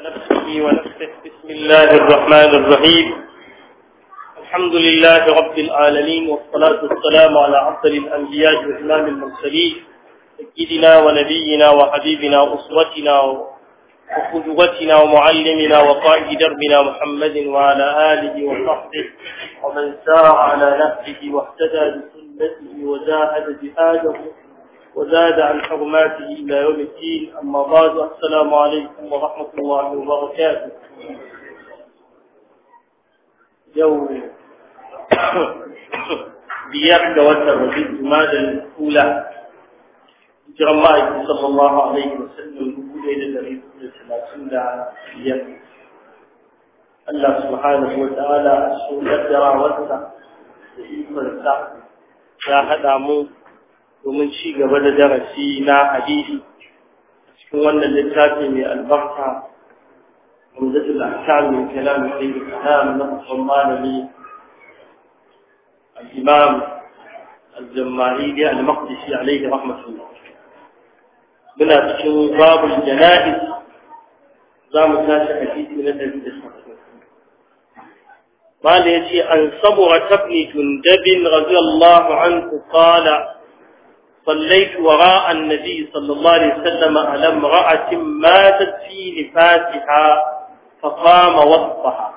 ونفسه ونفسه بسم الله الرحمن الرحيم الحمد لله رب العالمين والصلاة والسلام على عبد الأنبياء وإمام المرسلين سيدنا ونبينا وحبيبنا وأسوتنا وقدوتنا ومعلمنا وقائد دربنا محمد وعلى آله وصحبه ومن سار على نهجه واهتدى بسنته وزاهد جهاده وزاد عن حرماته إلى يوم الدين أما بعد السلام عليكم ورحمة الله وبركاته جو بيأك وترغب جمادا الأولى جرى الله صلى الله عليه وسلم يقول إلى النبي صلى الله عليه وسلم الله سبحانه وتعالى سورة دراوته لإيمان سعد لا حد عمود domin ci gaba da darasi na hadisi cikin wannan littafi mai albarka Hamzatul Ahkam min kalam Ibn Kalam na Muhammad al-Imam al-Jammahiri al-Maqdisi alayhi rahmatullah muna cikin babul janaiz mu tashi hadisi na 150 قال يجي عن صبغة بن جندب رضي الله عنه قال صليت وراء النبي صلى الله عليه وسلم على امرأة ماتت في نفاسها فقام وصفها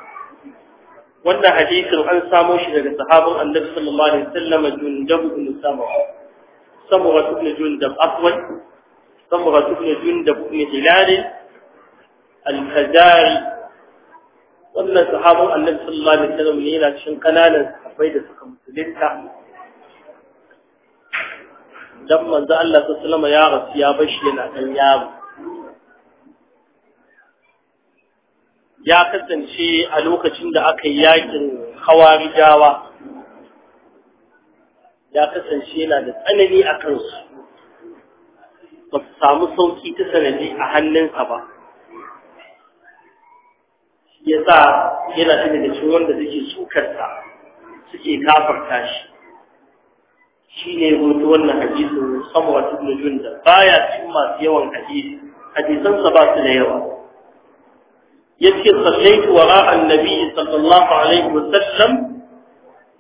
wannan hadisin an samo shi daga sahabin annabi sallallahu alaihi wasallam jundab ibn samurah samurah ibn jundab aswad samurah ibn jundab ibn hilal al hajari wannan sahabin annabi sallallahu alaihi wasallam ne yana cikin kananan sahabbai da suka musulunta dan manzo Allah sallallahu ya rasu ya bashi yana dan yaro ya kasance a lokacin da aka yi yakin hawarijawa ya kasance yana da tsanani a kansu ba su samu sauki ta sanadi a hannunsa ba ya sa yana da cikin wanda suke sukarsa suke kafarta shi shi ne hoto wannan saboda samwa ibn junda baya cikin masu yawan hadisi hadisan sa ba su da yawa yace sallaitu wara annabi sallallahu alaihi wasallam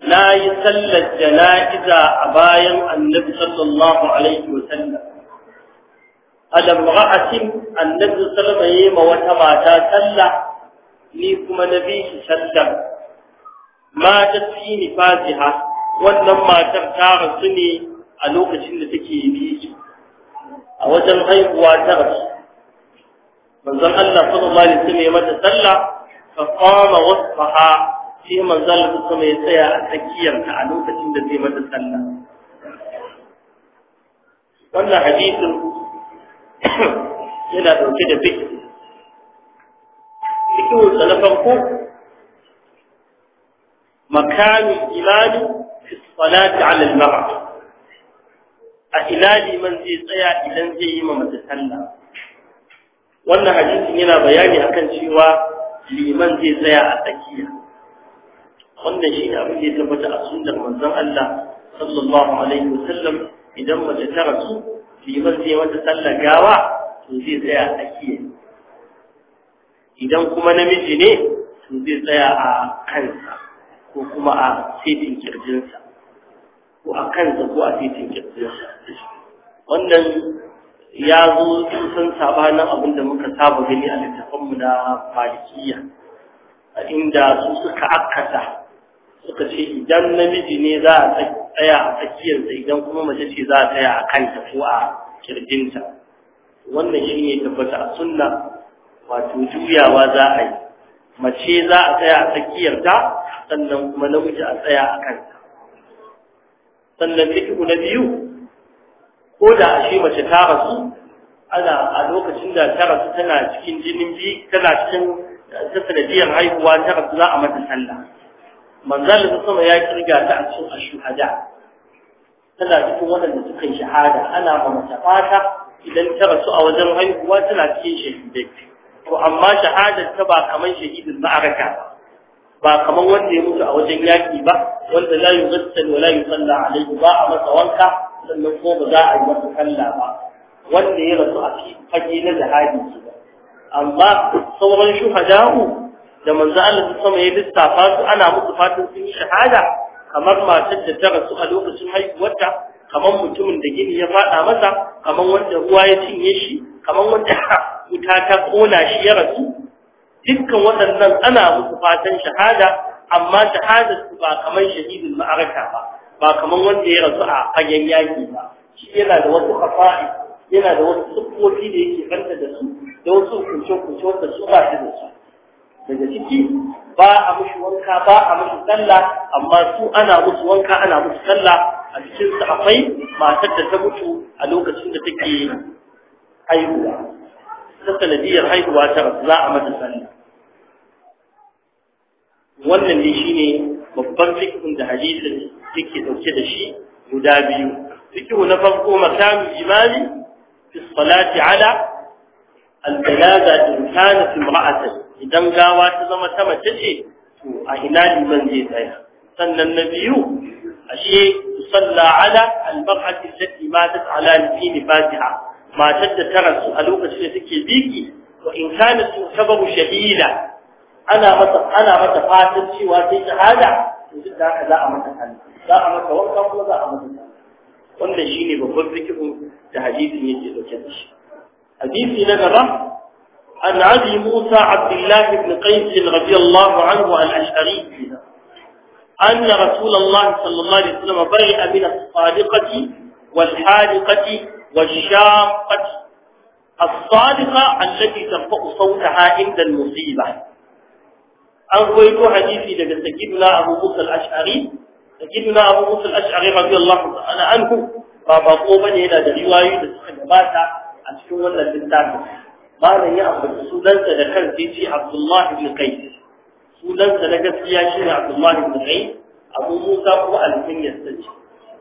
la yi sallar jana'iza a bayan annabi sallallahu alaihi wasallam alamra'atin annabi sallama yi ma wata mata sallah ni kuma na bi shi sallar ma ta fi wannan matar ta rasu ne a lokacin da take yi a wajen haihuwa ta rasu manzon Allah sallallahu alaihi wasallam ya mata sallah fa qama wasfaha sai manzon Allah kuma ya tsaya a tsakiyar ta a lokacin da zai mata sallah wannan hadisin yana dauke da fikir fikir salafan ko makami imani fi salati ala al a ina liman zai tsaya idan zai yi ma mace sallah wannan hadisin yana bayani akan cewa liman zai tsaya a tsakiya wannan shi ne ya tabbata a sunnar manzon Allah sallallahu alaihi wasallam idan mace ta liman zai mata sallah gawa to zai tsaya a tsakiya idan kuma namiji ne to zai tsaya a kansa ko kuma a setin kirjinsa ko a kansa ko a setin kirjinsa wannan ya zo san sabanin abin da muka saba gani a littafanmu na malikiya a inda su suka akkata suka ce idan namiji ne za a tsaya a tsakiyarsa idan kuma mace ce za a tsaya a kanta ko a kirjinta wannan shi ne tabbata a sunna wato juyawa za a yi mace za a tsaya a tsakiyarta sannan kuma namiji a tsaya a kanta. sannan fikihu na biyu ko da a shi mace ta rasu ana a lokacin da ta rasu tana cikin jinin bi tana cikin ta sanadiyar haihuwa ta rasu za a mata sallah manzal da sama ya kirga ta a cikin ashuhada tana cikin waɗanda suka yi shahada ana ma mace fata idan ta rasu a wajen haihuwa tana cikin shahidai to amma shahadar ta ba kamar shahidin ma'araka ba ba kamar wanda ya mutu a wajen yaki ba wanda la yughassal wa la yusalla alayhi ba a masa wanka sannan ko ba za a yi masa sallah ba wanda ya rasu a fage na jihadi ke amma sauran shuhada'u da manzo Allah sama ya lissafa su ana musu fatan sun yi shahada kamar matar da ta rasu a lokacin haihuwarta kamar mutumin da gini ya faɗa masa kamar wanda ruwa ya cinye shi kamar wanda wuta ta kona shi ya rasu dukkan waɗannan ana musu fatan shahada amma shahadar su ba kamar shahidin ma'araka ba ba kamar wanda ya rasu a fagen yaki ba shi yana da wasu kafa'i yana da wasu siffofi da yake banta da su da wasu kunce-kunce wanda su ba su da su daga ciki ba a mushi wanka ba a mushi sallah amma su ana musu wanka ana musu sallah a cikin su akwai matar da ta mutu a lokacin da take haihuwa ta sanadiyar haihuwa ta za a mata sallah wannan ne shine babban fikhun da hadisin yake ɗauke da shi guda biyu fikhu na farko makamu imami fi salati ala al-janaza in kanat imra'atan idan gawa ta zama ta mace ce to a ina liman zai tsaya sannan na biyu ashe salla ala al-mar'ati allati matat ala al fatiha matar da ta rasu a lokacin da take biki wa in kanat tabaru shahida ana mata ana mata fatan cewa sai shahada to duk da haka za a mata hannu za a mata wanka kuma za a mata wanda shine babban zikirin da hadisi yake dauke da shi hadisi na gaba عن أبي موسى عبد الله بن قيس رضي الله عنه الأشعري أن رسول الله صلى الله عليه وسلم برئ من الصادقة والحالقة والشاقة الصادقة التي ترفع صوتها عند المصيبة an ruwaito hadisi daga sakiduna abu musa al-ash'ari sakiduna abu musa al-ash'ari radiyallahu ta'ala anhu ba ko bane yana da riwayoyi da suka gabata a cikin wannan littafin malam ya ambata sunansa da kansa yace abdullahi ibn qais sunansa na gaskiya shine abdullahi ibn qais abu musa kuma al-kunyar sace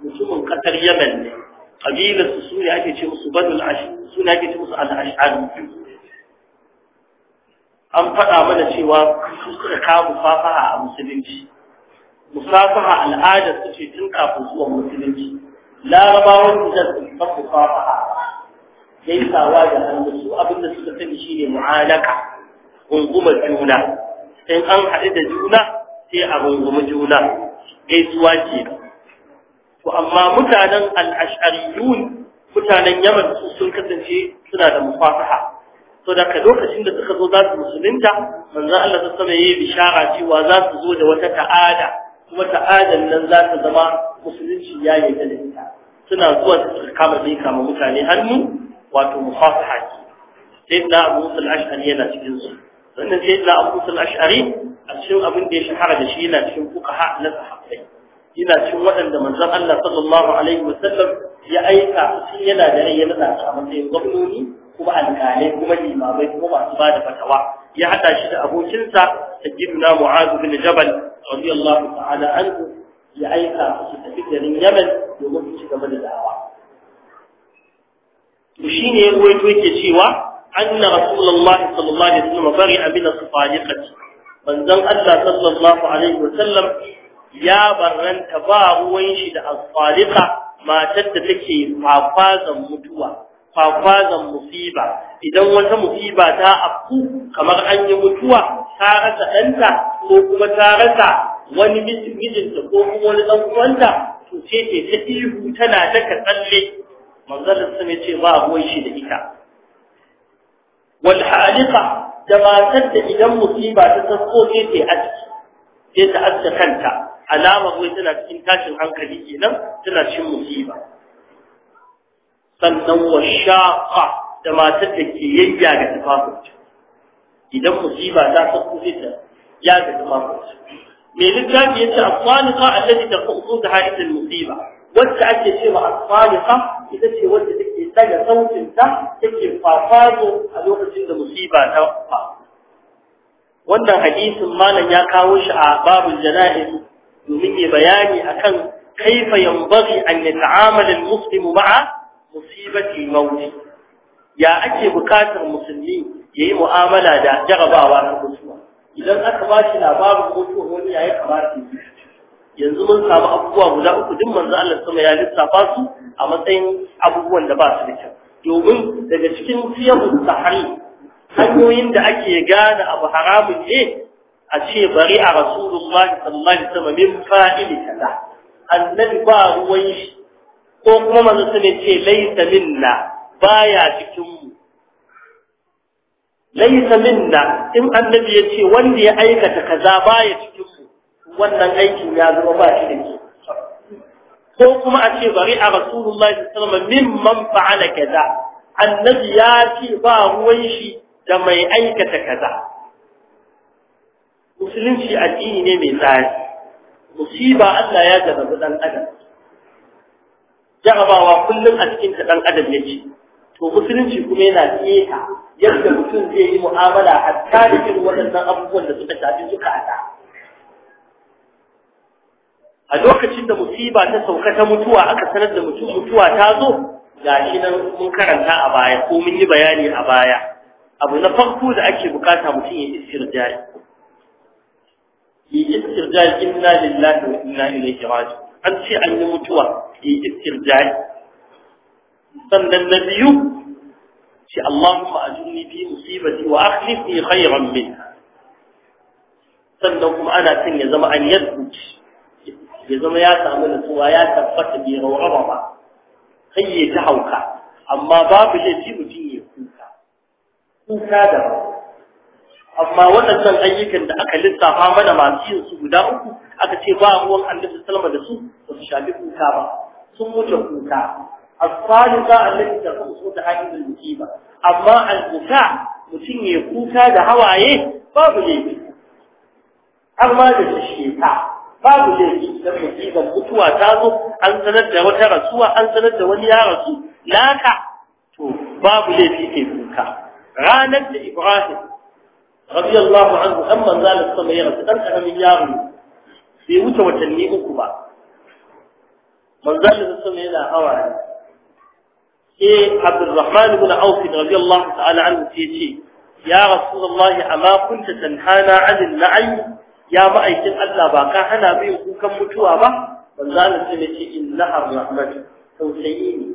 mutumin ƙasar yaman ne kabilar su ne ake ce musu badul ash suna ake ce musu al an faɗa mana cewa su suka kawo musafaha a musulunci musafaha al'ada su ce tun kafin zuwa musulunci larabawan da su san musafaha dai sawa da hannu su abinda suka sani shine mu'alaka runguma juna in an haɗu da juna sai a rungumi juna gaisuwa ce to amma mutanen al'ashariyun mutanen yaman su sun kasance suna da musafaha so da ka lokacin da suka zo za su musulunta manzon Allah ta sama yi bishara cewa za su zo da wata ta'ada kuma ta'adan nan za ta zama musulunci ya yi da ita suna zuwa su suka kama bai kama mutane hannu wato mufasaha ke sai na Abu Musa al-Ash'ari yana cikin su sannan sai na Abu Musa ashari a cikin abin da ya shahara da shi yana cikin kuka fuqaha na sahabbai yana cikin waɗanda manzan Allah sallallahu alaihi wa sallam ya aika sun yana da rai ya nada a matsayin gwamnoni kuma alƙalai kuma limamai kuma masu ba da fatawa ya haɗa shi da abokinsa sajiduna mu'azu bin jabal radiyallahu ta'ala anhu ya aika su tafi garin yamen domin su ci gaba da da'awa to shine ya ruwaito yake cewa anna rasulullahi sallallahu alaihi wasallam bari'a min as-sufaliqati manzon Allah sallallahu alaihi wasallam ya barranta ba ruwan shi da as-saliqa matar da take fafazan mutuwa Kwakwazon musiba idan wata musiba ta afku kamar an yi mutuwa ta rasa ɗanta ko kuma ta rasa wani mijinta ko kuma wani ɗan uwanta to ce ce ta ihu tana ta ka tsalle manzalar sun ce ba a shi da ita Walhalifa, da matar da idan musiba ta tasko ce ce ce ta aska kanta alamar wai tana cikin tashin hankali kenan tana cin musiba sannan wa shaƙa da matar da ke yayya ga tufafinta idan musiba ta sauko sai ta ya ga tufafinta me littafi yace afwanika allati taqutu da ha'idul musiba wacce ake cewa afwanika ita ce wacce take daga sautin ta take fafazo a lokacin da musiba ta fa wannan hadisin malam ya kawo shi a babul jana'iz domin ya bayani akan kaifa yanbaghi an yata'amala al-muslimu ma'a musibati mauti ya ake bukatar musulmi ya yi mu'amala da jarabawa ta mutuwa idan aka ba shi labarin mutuwa wani ya yi kamata yanzu mun samu abubuwa guda uku duk manzo Allah sama ya lissafa su a matsayin abubuwan da ba su da kyau domin daga cikin siyahu sahari hanyoyin da ake gane abu haramun ne a ce bari a rasulullah sallallahu alaihi wasallam min fa'ili annabi ba ruwan shi ko kuma manzo sune ce laysa minna baya cikin mu laysa minna in annabi ya ce wanda ya aikata kaza baya cikin mu wannan aikin ya zama ba shi da ke ko kuma a ce bari a rasulullahi sallallahu alaihi wasallam mimman fa'ala kaza annabi ya ce ba ruwan shi da mai aikata kaza musulunci addini ne mai tsari musiba Allah ya jarrabu dan adam jarabawa kullum a cikin kaɗan adam ya ce to musulunci kuma yana tseta yadda mutum zai yi mu'amala hatta da waɗannan abubuwan da suka shafi ada a lokacin da musiba ta sauka ta mutuwa aka sanar da mutum mutuwa ta zo gashi nan mun karanta a baya ko mun yi bayani a baya abu na farko da ake bukata mutum ya istirjai ya istirjai inna lillahi wa inna ilaihi raji'un an ce an yi mutuwa yi istirjai sannan na biyu ce Allahumma ajurni fi musibati wa akhlifni khayran min sannan kuma ana cin ya zama an yadbuci ya zama ya samu nutsuwa ya tabbata bai rauraba ba kai ya ta hauka amma babu laifi mutum ya kuka kuka da amma waɗannan ayyukan da aka lissafa mana masu yin su guda uku aka ce ba ruwan annabi sallama da su ba su shafi kuka ba sun wuce kuka as-salika allati su da hadin musiba amma al-kuka mutum ya kuka da hawaye babu laifi har ma da shishita babu laifi idan mutuwa ta zo an sanar da wata rasuwa an sanar da wani ya rasu laka to babu laifi ke kuka ranar da Ibrahim radiyallahu anhu an manzalin sama ya rasu dan karamin yaro bai wuce watanni uku ba manzalin sama yana hawaye sai abdurrahman ibn auf radiyallahu ta'ala anhu sai ce ya rasulullahi amma kunta tanhana 'anil na'i ya ma'aikin Allah ba ka hana bai kukan mutuwa ba manzalin sai ya ce innaha rahmatu tausayi ne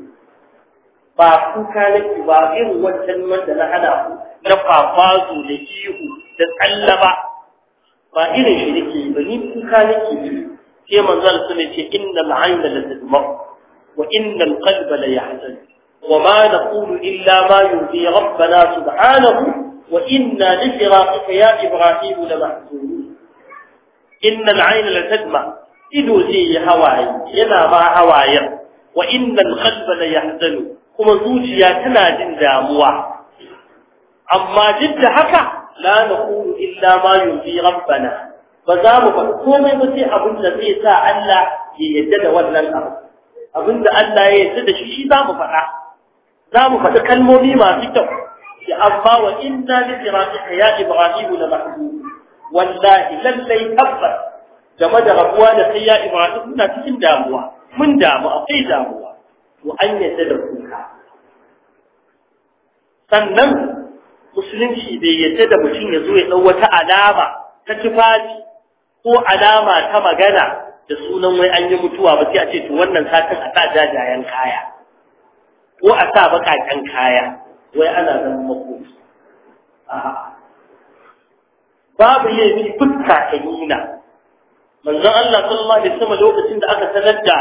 ba kuka nake ba irin wancan wanda na hana ku na fafazu da ihu da tsallaba ba irin shi nake ba ni kuka nake yi sai manzon sun ce innal ayna la tadma wa innal qalba la yahzan wa ma naqulu illa ma yurdi rabbana subhanahu wa inna li firaqika ya ibrahim la mahzunun innal ayna la tadma ido zai yi hawaye yana ba hawayen wa innal qalba la yahzanu kuma zuciya tana jin damuwa amma duk da haka la naqulu illa ma yurdi rabbana ba za mu faɗi komai ba sai abin da zai sa Allah ya yadda da wannan abu abin da Allah ya yadda da shi shi za mu faɗa za mu faɗi kalmomi masu kyau ya amma wa inna li siratika ya ibrahim la mahdu? wallahi lallai tabbas game da rabuwa da kai ya ibrahim muna cikin damuwa mun damu akwai damuwa to an yadda da kuka sannan musulunci bai yadda da mutum ya zo ya ɗau wata alama ta tufafi ko alama ta magana da sunan wai an yi mutuwa ba sai a ce to wannan satin a sa jajayen kaya ko a sa baƙaƙen kaya wai ana zama makoki babu ni fuska ta nuna manzon Allah sallallahu alaihi wasallam lokacin da aka sanar da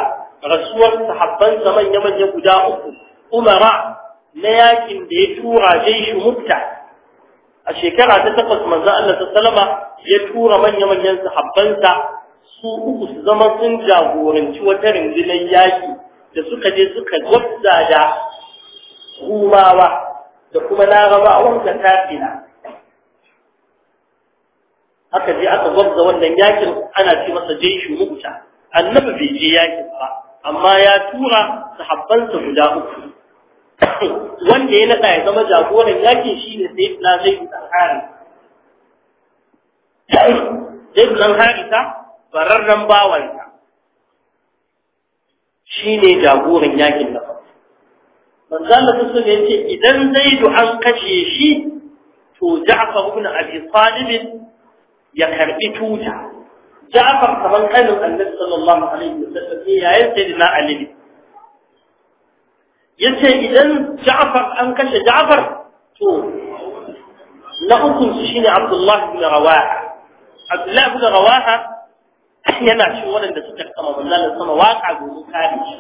rasuwar sahabban zaman manya guda uku umara na yakin da ya tura jeshi mutta a shekara ta takwas manzan Allah ta salama ya tura manya-manyan sahabbansa su uku su zama sun jagoranci wata rundunar yaƙi da suka je suka gwabza da rumawa da kuma a wanka kafina haka je aka gwabza wannan yakin ana ce masa jeshi mubuta annabi bai je yakin ba amma ya tura sahabbansa guda uku wanda ya nada ya zama jagoran yakin shi ne sai na zai yi harisa zai dan ta bararren bawanta shi ne jagoran yakin da farko manzo Allah sun ce idan zai zaidu an kashe shi to Ja'far ibn Abi Talib ya karbi tuta Ja'far kaman kanin Annabi sallallahu alaihi wasallam yayin sayyidina alibi yace idan Ja'far an kashe Ja'far to na hukun su shine Abdullah ibn Rawaha Abdullah ibn Rawaha yana cikin waɗanda suka kama manzalin sama waka domin kare shi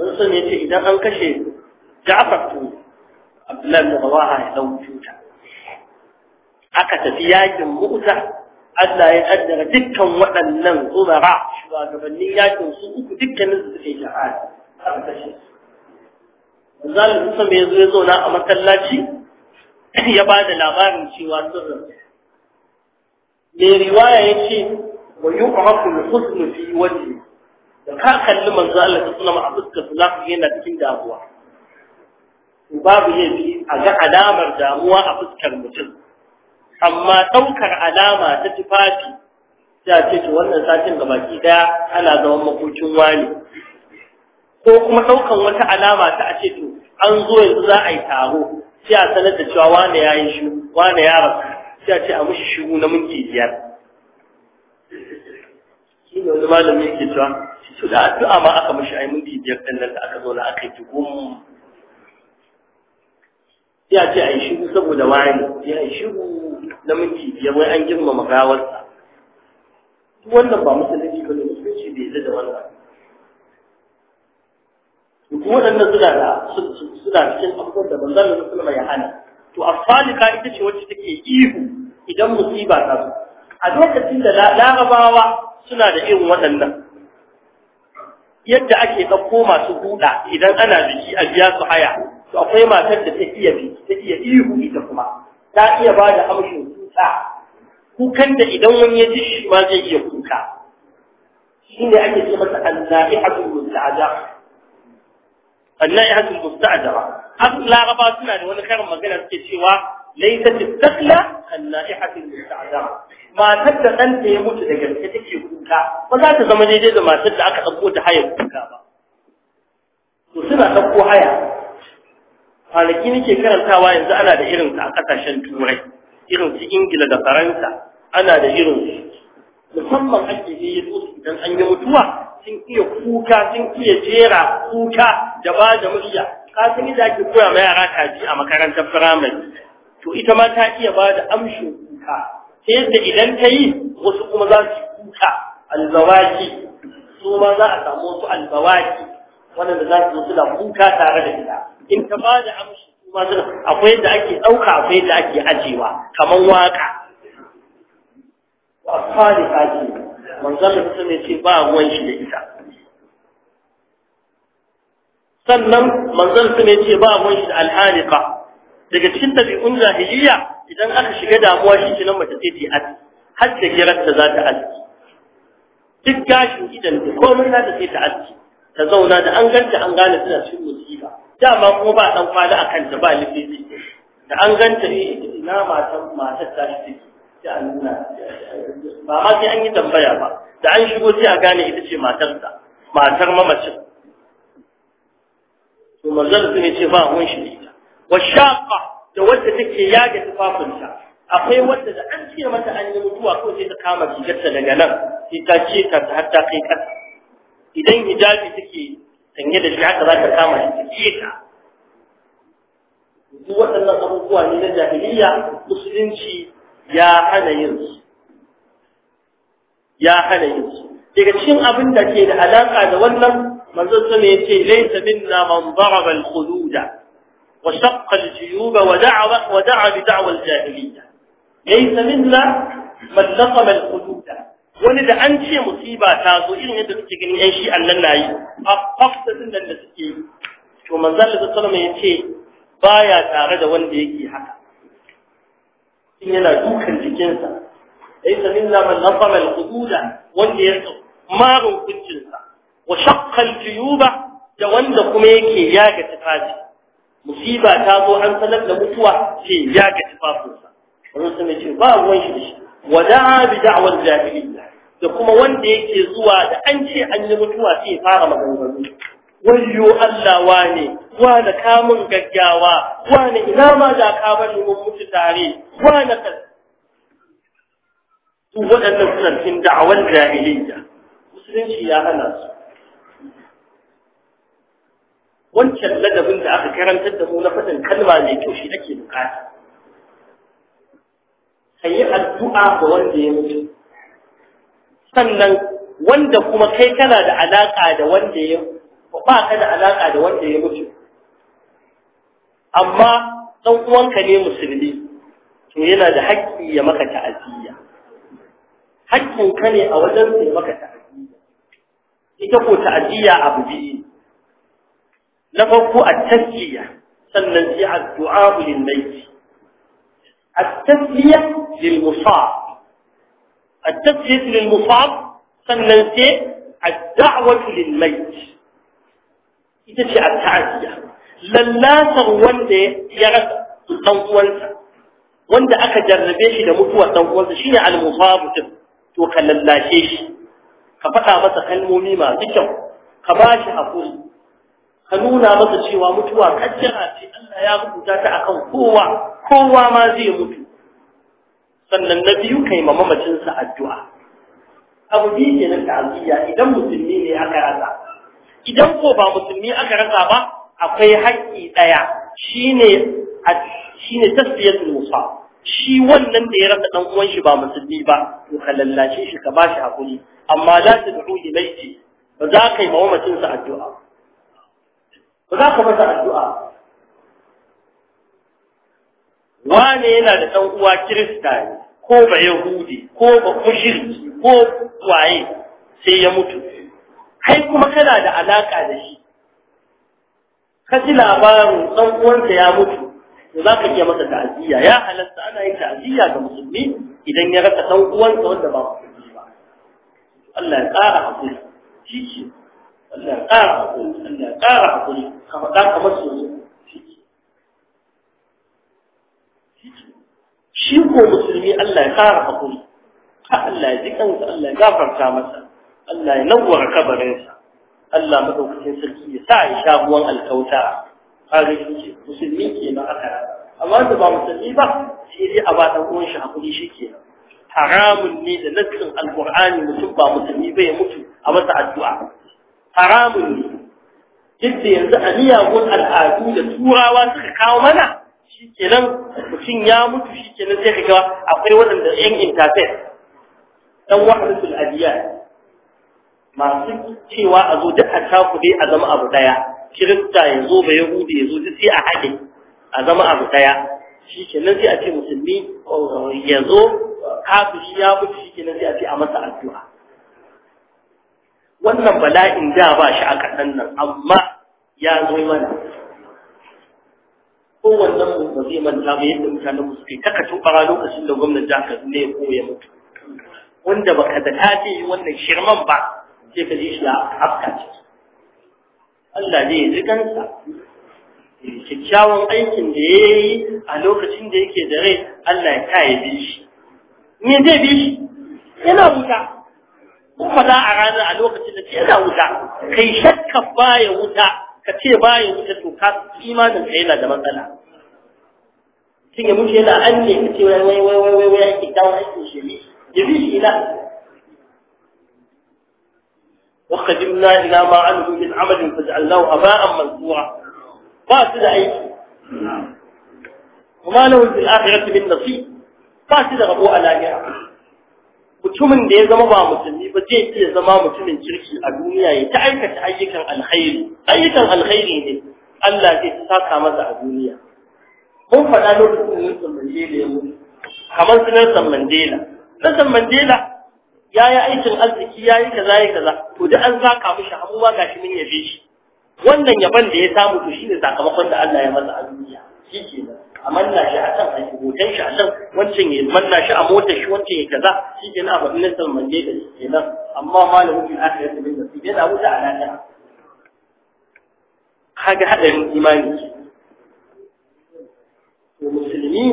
sun san yace idan an kashe Ja'far to Abdullah ibn Rawaha ya dau cuta aka tafi yakin Mu'tah Allah ya kaddara dukkan waɗannan umara shugabannin yakin su uku dukkanin su suka yi shahada aka kashe su mai zo ya zauna a masallaci ya ba da labarin cewa sun rasu mai riwaya ya ce wa yi ƙwafin husnu fi wani da ka kalli manzo Allah ta suna a fuskar su ku yana cikin damuwa babu yin a ga alamar damuwa a fuskar mutum amma ɗaukar alama ta tufafi ta ce wannan satin ga baki daya ana zaman makocin wani ko kuma ɗaukan wata alama ta a ce to an zo yanzu za a yi taro sai a sanar da cewa wane ya yi shi wane ya rasu sai a ce a mushi shigo na minti biyar shi ne wani malami yake cewa su da addu'a ma aka mushi ai minti biyar ɗan nan da aka zo na aka yi gum sai a ce a yi shigo saboda wani sai a yi shigo na minti biyar wai an girmama gawarsa wannan ba musulunci ba ne musulunci bai zai da wannan waɗannan suna da suna cikin abubuwan da manzon Allah sallallahu ya hana to afalika ita ce wacce take ihu idan musiba ta zo a lokacin da larabawa suna da irin waɗannan yadda ake ɗauko masu buɗa idan ana biki a biya su haya to akwai matar da ta iya biki ta iya ihu ita kuma ta iya ba da amshin kuka kukan da idan wani ya ji shi ma zai iya kuka shi ne ake ce masa annai'atul da. النائحة المستأجرة أم لا غبا سنة وأنا خير ما قلت في شيء ليست الدخلة النائحة المستأجرة ما تبدا ان ta yi mutu daga ke take kuka ba za ta zama daidai da matar da aka ɗauko ta haya kuka ba to suna ɗauko haya kwanaki nake karantawa yanzu ana da irin a ƙasashen turai irin su ingila da faransa ana da irin su musamman ake yi yi idan an yi mutuwa sun iya kuka sun iya jera kuka da ba da murya kasani da ake koya ma yara kaji a makarantar firamare to ita ma ta iya ba da amshin kuka ta yadda idan ta yi wasu kuma za su kuka albawaki su ma za a samu wasu albawaki waɗanda za su su da kuka tare da ita in ta ba da amshi su ma suna akwai yadda ake ɗauka akwai yadda ake ajewa kamar waka wa fari kaji manzon da ne ce ba ruwan shi da ita sannan manzon sun ce ba mun shi da alhaliqa daga cikin tabi'un zahiriya, idan aka shiga damuwa shi kenan mace sai ta aski har da girarta za ta aski duk gashin idan da komai za ta sai ta aski ta zauna da an ganta an gane suna cikin musiba dama kuma ba dan kwana a kanta ba lififi da an ganta ina matan matar ta shi take a nuna ba ma sai an yi tambaya ba da an shigo sai a gane ita ce matarsa matar mamacin to manzon sun ce ba hun shi ita wa shaqa da wanda take yage tufafinta akwai wanda da an ce mata an yi mutuwa ko sai ta kama jikarta daga nan sai ta ce ka har ta kai ƙasa. idan hijabi take sanye da shi haka za ta kama shi ta ce ka duk waɗannan abubuwa ne na jahiliya musulunci ya hana yin su ya hana yin su daga cikin abin da ke da alaƙa da wannan manzon sama yace laysa minna man daraba al-khududa wa shaqqa al-juyuba wa da'a wa da'a bi da'wa al-jahiliyya laysa minna man laqama al-khududa wani da an ce musiba ta zo irin yadda suke ganin yan shi'an nan nayi a faktatin da suke yi to manzon Allah sallallahu alaihi wasallam yace baya tare da wanda yake haka in yana dukan jikinsa laysa minna man laqama al-khududa wanda ya marun kuncinsa wa shaqqal juyuba da wanda kuma yake yaga tufafi musiba ta zo an sanar da mutuwa ce yaga tufafinsa wannan sai ce ba ruwan shi da wa da'a bi da'wal jahiliyya da kuma wanda yake zuwa da an ce an yi mutuwa sai fara maganganu wayyo Allah wane wane kamun gaggawa wane ina ma da ka bani mun mutu tare wane ka su waɗannan suna cikin da'awar jahiliyya musulunci ya hana su wancan ladabin da aka karantar da mu na fatan kalma mai kyau shi nake bukata ka yi addu'a ga wanda ya mutu sannan wanda kuma kai kana da alaka da wanda ya ba ka da alaka da wanda ya mutu amma dan uwanka ne musulmi to yana da haƙƙi ya maka ta'aziyya haƙƙin ka ne a wajen sai maka ta'aziyya ita ko ta'aziyya abu biyu نفقوا التسلية سنن في الدعاء للميت التسلية للمصاب التسلية للمصاب سنن الدعوة للميت إذا التعزية للا سرون دي يغسر تنطول وانت أكجر نبيش لمتوى تنطول شين على المصاب توقع للا شيش فبقى بس خلموني ما ذكر فباش أفوز ka nuna masa cewa mutuwa kaddara ce Allah ya rubuta ta akan kowa kowa ma zai mutu sannan na biyu kai ma mamacinsa addu'a abu biyu kenan ta'aziyya idan musulmi ne aka rasa idan ko ba musulmi aka rasa ba akwai haƙƙi ɗaya shine shine tasfiyatul musa shi wannan da ya rasa dan uwan shi ba musulmi ba to ka lalace shi ka bashi hakuri amma la tad'u ilayhi ba za ka yi mawamacin sa addu'a ba za ka masa addu'a wane yana da ɗan uwa kirista ne ko ba yahudi ko ba mushriki ko waye sai ya mutu kai kuma kana da alaƙa da shi ka ji labarin ɗan uwanka ya mutu da za ka iya masa ta'aziyya ya halatta ana yin ta'aziyya ga musulmi idan ya rasa ɗan uwanta wanda ba musulmi ba Allah ya tsara hakuri shi shi Allah ya ƙara haƙuri Allah ƙara haƙuri ka faɗa kamar su yanzu shi ko musulmi Allah ya ƙara haƙuri ka Allah ya ji kansa Allah ya gafarta masa Allah ya nawwara kabarinsa Allah madaukakin sarki ya sa ya sha ruwan alkauta kare shi musulmi kenan aka amma da ba musulmi ba sai dai a ba dan uwan shi ke shikenan haramun ne da nassin alqur'ani mutum ba musulmi ba ya mutu a masa addu'a haramun ne yadda yanzu a miyagun al'adu da turawa suka kawo mana shi kenan mutum ya mutu shi kenan sai ka ga akwai waɗanda yan intafet ɗan wahadatul adiyya masu cewa a zo duk a dai a zama abu ɗaya kirista ya zo ba yahudi ya zo duk sai a haɗe a zama abu ɗaya shi kenan sai a ce musulmi ya zo shi ya mutu shi kenan sai a ce a masa addu'a wannan bala'in da ba shi a kaɗan nan amma ya zo mana kowannen mu ba zai manta ba yadda mutanen mu suke ta kacin fara lokacin da gwamnan jihar Kaduna ya koya mutu wanda ba ka da ce wannan shirman ba sai ka ji shi a afka ce Allah ne ya kansa kyakkyawan aikin da ya yi a lokacin da yake da rai Allah ya kaye shi me zai bi shi yana wuta kuma za a ranar a lokacin da ce yana wuta kai shakka baya wuta ka ce baya wuta to ka imanin ka yana da matsala tun ya mutu yana an ne ka ce wai wai wai wai wai wai dawo aikin shi ne ya bi shi ina وقدمنا إلى ما عملوا من عمل فجعلناه أباء منصورا فاسد أيدي وما له في ba su da فاسد a الآخرة mutumin da ya zama ba musulmi ba zai iya zama mutumin kirki a duniya ya ta aikata ayyukan alkhairi ayyukan alkhairi ne Allah zai saka masa a duniya mun faɗa lokacin Nelson Mandela ya mutu kamar su Nelson Mandela Nelson Mandela ya yi aikin arziki ya yi kaza ya kaza to da an saka mishi amma gashi mun yabe shi wannan yaban da ya samu to shine sakamakon da Allah ya masa a duniya shi kenan a manna shi a kan a hoton shi a nan wancan ya manna shi a motar shi wancan ya kaza shi ke na abin nan salman ne da shi nan amma malamin fil akhirah bin nasib yana wuta a lahira kaga hadarin imani to musulmi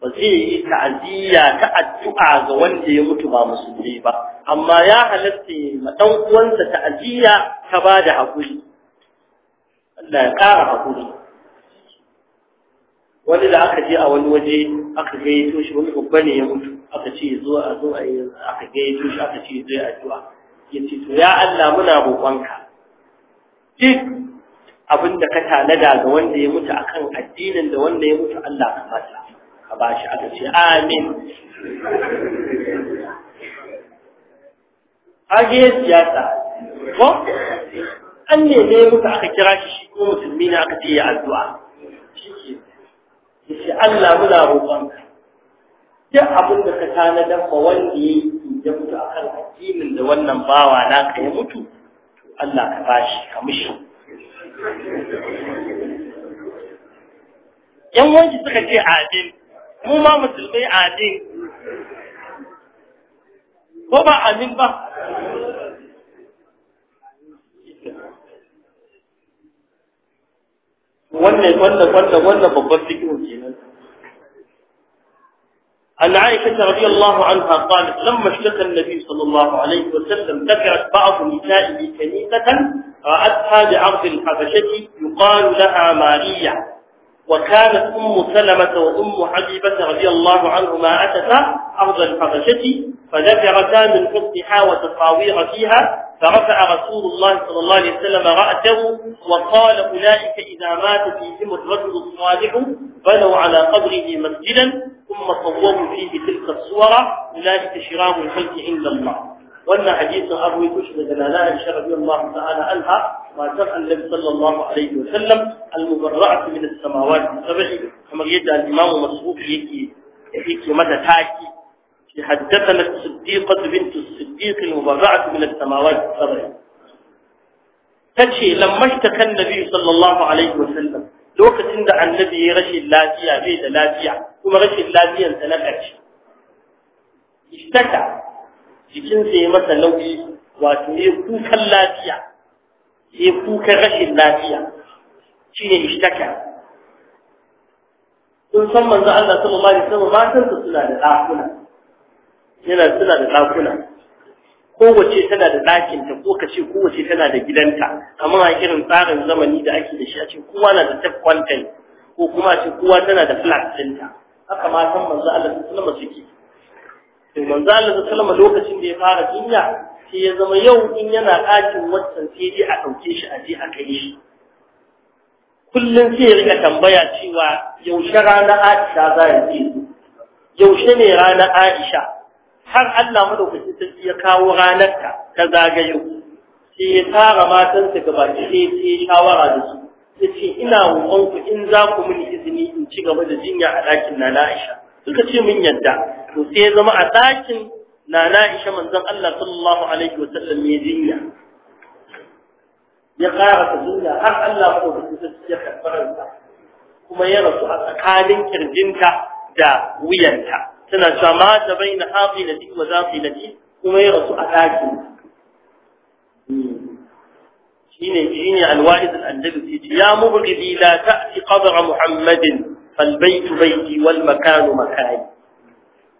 ba zai yi ta'aziyya ta addu'a ga wanda ya mutu ba musulmi ba amma ya halatta ma ɗan uwansa ta'aziyya ta bada haƙuri, Allah ya ƙara haƙuri. wani da aka je a wani waje aka gayyato shi wani babba ne ya mutu aka ce zo a zo a yi aka gayyato shi aka ce zo a addu'a ya ce to ya Allah muna roƙonka duk abin da ka tanada ga wanda ya mutu akan addinin da wanda ya mutu Allah ka masa ka ba shi aka ce amin kage siyasa ko an ne ne mutu aka kira shi ko musulmi ne aka ce ya addu'a yace Allah muna ka duk abin da ka da ma wanda yake da mutu akan addinin da wannan bawa na ka ya mutu to Allah ka bashi ka mishi yan wanki suka ce adin mu ma musulmai adin ko ba amin ba wannan wannan wannan wannan babban fikihu kenan عن عائشة رضي الله عنها قالت لما اشتكى النبي صلى الله عليه وسلم ذكرت بعض نسائه كنيسة رأتها بعرض الحبشة يقال لها ماريا وكانت أم سلمة وأم حبيبة رضي الله عنهما أتتا أرض الحبشة فذكرتا من حبها وتصاوير فيها فرفع رسول الله صلى الله عليه وسلم رأسه وقال أولئك إذا مات فيهم الرجل الصالح بنوا على قبره مسجدا ثم صوروا فيه تلك الصور أولئك شرام الخلق عند الله وأن حديث أبو تشهد دلالها إن رضي الله تعالى عنها ما شرع النبي صلى الله عليه وسلم المبرعة من السماوات السبع كما يدعى الإمام مسروق في في مدى تاكي حدثنا الصديقة بنت الصديق المبرعة من السماوات السبع تشي لما اشتكى النبي صلى الله عليه وسلم لوكتين ده النبي رشي اللاتية بيد اللاتية ثم رشي اللاتية سنفعش اشتكى jikin sai masa nauyi wato ya kukan lafiya ya kukan rashin lafiya shi ne ishtaka sun san manzo Allah sallallahu alaihi wasallam matan su suna da ɗakuna yana suna da ɗakuna kowace tana da ɗakinta ko ka ce kowace tana da gidanta kamar a irin tsarin zamani da ake da shi a ce kowa na da tap content ko kuma a ce kowa tana da flat ɗinta haka ma san manzo Allah sallama suke to manzo Allah sallama lokacin da ya fara duniya, sai ya zama yau in yana ɗakin wancan sai dai a ɗauke shi a je a kai shi kullum sai ya rika tambaya cewa yaushe ranar Aisha za ta yi yaushe ne ranar Aisha har Allah madaukakin sai ya kawo ranar ta ta zagayo sai ya tara matansa gaba ɗaya sai shawara da su ya ce ina roƙon ku in za ku mini izini in ci gaba da jinya a ɗakin na Aisha suka ce mun yadda to sai ya zama a ɗakin na Aisha manzon Allah sallallahu alaihi wa sallam ya jinya ya ƙara ta jinya har Allah madaukakin sarki ya karɓar kuma ya rasu a tsakanin kirjinta da wuyanta suna cewa ma ta baina haqilati wa zaqilati kuma ya rasu a daki shine shine alwa'iz al-andalusi ya mubghidi la ta'ti qabr muhammadin fal baytu bayti wal makanu makani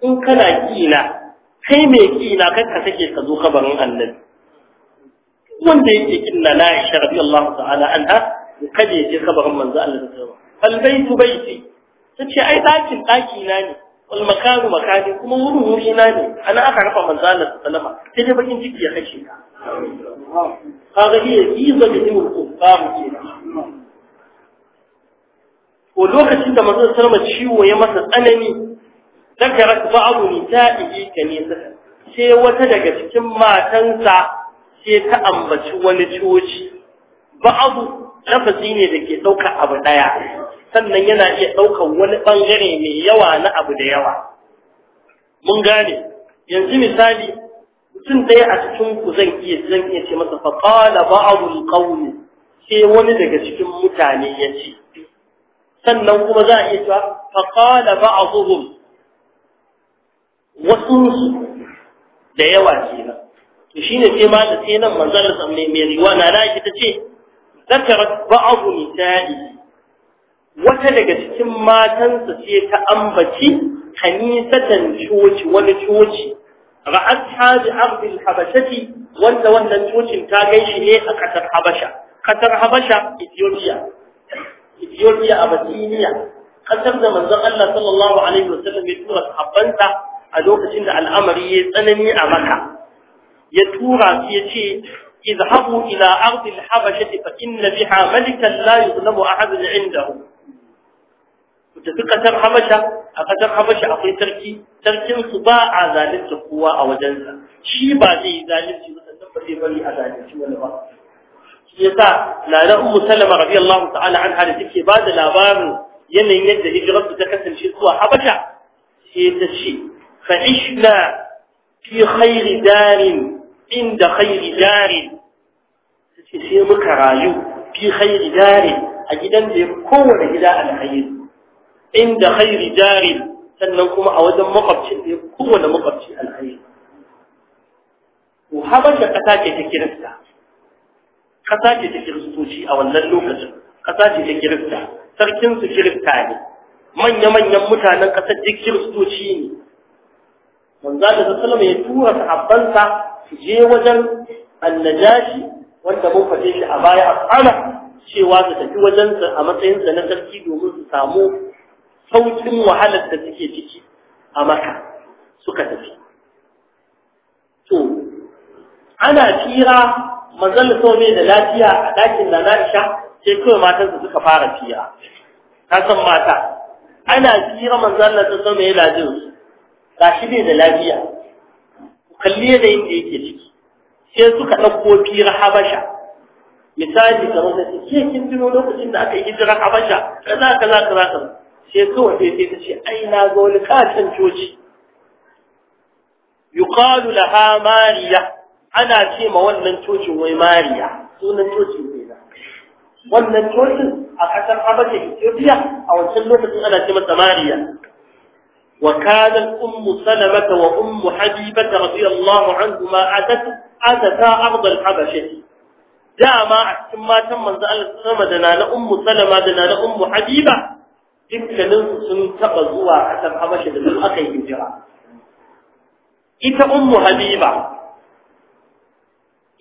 in kana kina kai mai kina kai ka take ka zo kabarin annabi wanda yake kinna na Aisha radiyallahu ta'ala anha kaje je kabarin manzo Allah sallallahu alaihi wasallam fal baytu bayti tace ai dakin daki na ne wal makanu makani kuma wurin wuri na ne a ana aka rafa manzalar sallama sai dai bakin ciki ya kashe ka kaga iya biza da yin kufaru kenan ko lokacin da manzon sallama ciwo ya masa tsanani zakarat ba'du nita'ihi kanisatan sai wata daga cikin matansa sai ta ambaci wani coci ba'du lafazi ne da ke ɗauka abu ɗaya sannan yana iya ɗaukar wani ɓangare mai yawa na abu da yawa mun gane yanzu misali mutum ɗaya a cikin ku zan iya zan iya ce masa ba a wuri ƙauni sai wani daga cikin mutane ya ce sannan kuma za a iya cewa ba a zuhun wasu da yawa kenan to ne sai ma da sai nan manzon Allah mai riwa na na ita ce zakarat ba'dhu nisa'i wata daga cikin matansa ce ta ambaci kanisatan coci wani coci ra'at hadi ardil habashati wanda wannan cocin ta gaishi ne a kasar habasha kasar habasha ethiopia ethiopia abyssinia kasar da manzon Allah sallallahu alaihi wasallam ya tura sahabbansa a lokacin da al'amari ya tsanani a maka ya tura su ya ce izhabu ila ardil habashati fa inna biha malikan la yuzlamu ahadun indahu tafi kasar habasha a kasar habasha akwai sarki sarkin su ba a zalunta kowa a wajensa shi ba zai yi zalunci ba sannan ba zai bari a zalunci wani ba shi yasa nana ummu sallama radiyallahu ta'ala anha da take ba da labarin yanayin yadda hijirarsu ta kasance zuwa habasha sai ta ce fa ishna fi khairi darin inda khairi darin sai muka rayu fi khairi darin a gidan da ya kowane gida alkhairi inda khairi jari sannan kuma a wajen makwabci da kowane makwabci alhairi to da ƙasa ce ta kirista ƙasa ce ta kiristoci a wannan lokacin ƙasa ce ta kirista sarkinsu kirista ne manya-manyan mutanen ƙasar duk kiristoci ne wanda da sallama ya tura sahabbansa su je wajen annajashi wanda mun faɗe shi a baya a tsana cewa su tafi wajensa a matsayinsa na sarki domin su samu saukin wahalar da suke ciki a maka suka tafi to ana tira manzon sau ne da lafiya a ɗakin da na isha sai kawai matarsa suka fara tira ta san mata ana tira manzon Allah sau ne yana jin su ga shi ne da lafiya ku kalli yanayin da yake ciki sai suka ɗauko fira habasha misali kamar da ke kin tuno lokacin da aka yi hijirar habasha kaza kaza kaza kaza sai kawai sai ta ce ai na ga wani katon coci yuqalu laha mariya ana ce ma wannan cocin wai mariya sunan cocin ne na wannan cocin a kasar habasha ethiopia a wancan lokacin ana ce masa mariya وكانت أم سلمة وأم حبيبة رضي الله عنهما أتت أتتا أرض الحبشة دعما أحسن ما تم من da سلمة دنا Salama da دنا لأم Habiba. dukkanin sun taba zuwa kasar Habasha da su aka yi hijira ita ummu habiba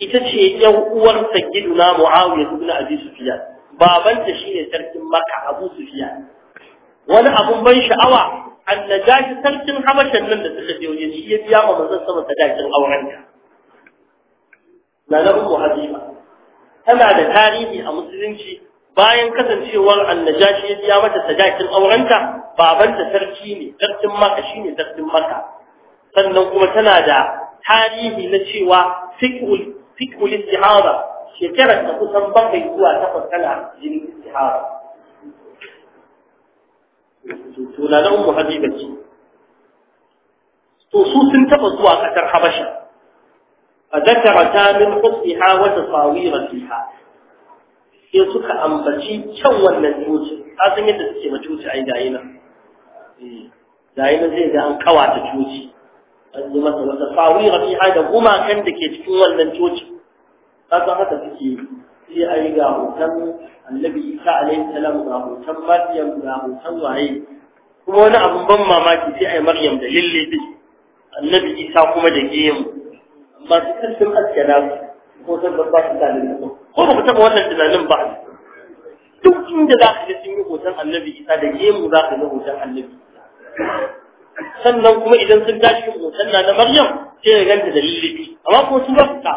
ita ce yan uwar sayyiduna muawiya ibn abi sufyan babanta shine sarkin makka abu sufyan wani abun ban sha'awa annajashi sarkin habashan nan da suka je waje shi ya biya wa manzon sama sadakin aurenta na na ummu habiba tana da tarihi a musulunci bayan kasancewar annajashi ya biya mata sadakin aurenta babanta sarki ne sarkin maka shine sarkin maka sannan kuma tana da tarihi na cewa fiqhul fiqhul istihara shekarar da kusan bakwai zuwa takwas tana jinin istihara to na na ummu habiba ce to su sun taɓa zuwa kasar habasha A فذكرتا من wata وتصاوير فيها sai suka ambaci can wannan tuci kasan yadda suke ma tuci a yi yana eh, yayin zai ga an kawata tuci an yi masa wata a fi goma kan da ke cikin wannan tuci kasan haka suke sai a yi ga hoton annabi isa alaihi salam ga hoton maryam ga hoton waye kuma wani abun ban mamaki sai a yi maryam da lillibi annabi isa kuma da gemu amma su kan sun aske na ko san babba su da ko ba ku taɓa wannan tunanin ba duk inda za ka sun yi hoton annabi isa da gemu za ka yi hoton annabi sannan kuma idan sun tashi hoton na na maryam sai ya ganta da lullubi amma ko su ba su ta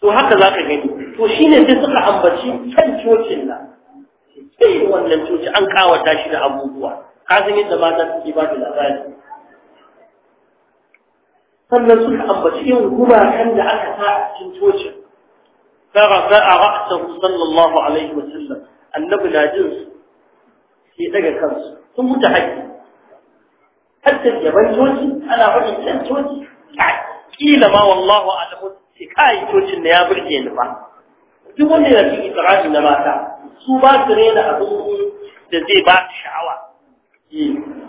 to haka za ka gani to shi ne sai suka ambaci kan cocin na. sai wannan coci an kawata shi da abubuwa ka san yadda mata suke ba da labari sannan suka ambaci yin gumakan da aka sa a cikin tocin fara za a ra'asahu sallallahu alaihi wa sallam annabi na jin su sai daga kansu sun mutu haƙƙi da yaban toci ana faɗin can toci kila ma wallahu alamu sai kayan tocin na ya burge ni ba duk wanda yana cikin tsaraki na mata su ba su rena abin da zai ba sha'awa eh.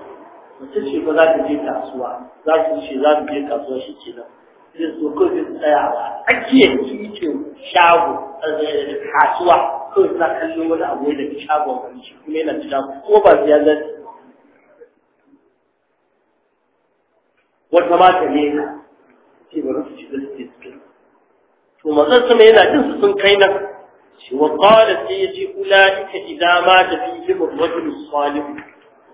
mace ce ba za ta je kasuwa za su ce za ta je kasuwa shi ke nan ya so ko sai su tsaya ba ake titin shago eh, kasuwa ko suna kallo wani abu daga shagon wani shi kuma yana cikin ko ba su ya zai wata ma ta ne na ce ba su ci da su ce to mazan sama yana jinsu sun kai nan shi wa qala sai yace ulaika idza ma ta fi wajen salih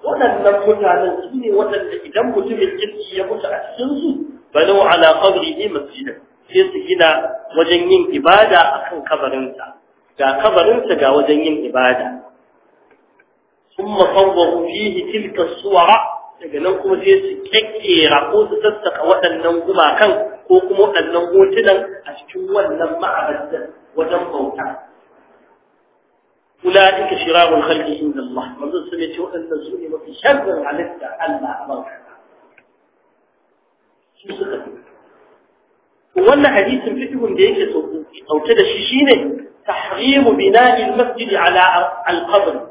waɗannan mutanen su ne waɗanda idan mutumin kirki ya mutu a cikinsu banau ala ne masjida sai su gina wajen yin ibada a kan kabarinsa ga kabarinsa ga wajen yin ibada sun صوروا fihi تلك الصور daga nan kuma sai su kekkera ko su sassaka waɗannan gumakan ko kuma waɗannan hotunan a cikin wannan ma'abadin wajen bauta أولئك شراب الخلق عند الله وذو سمته أن نزول وتشذر على الدعاء ما أمرك ولا حديث فيكم ديك صدق او كده شيشينه تحريم بناء المسجد على القبر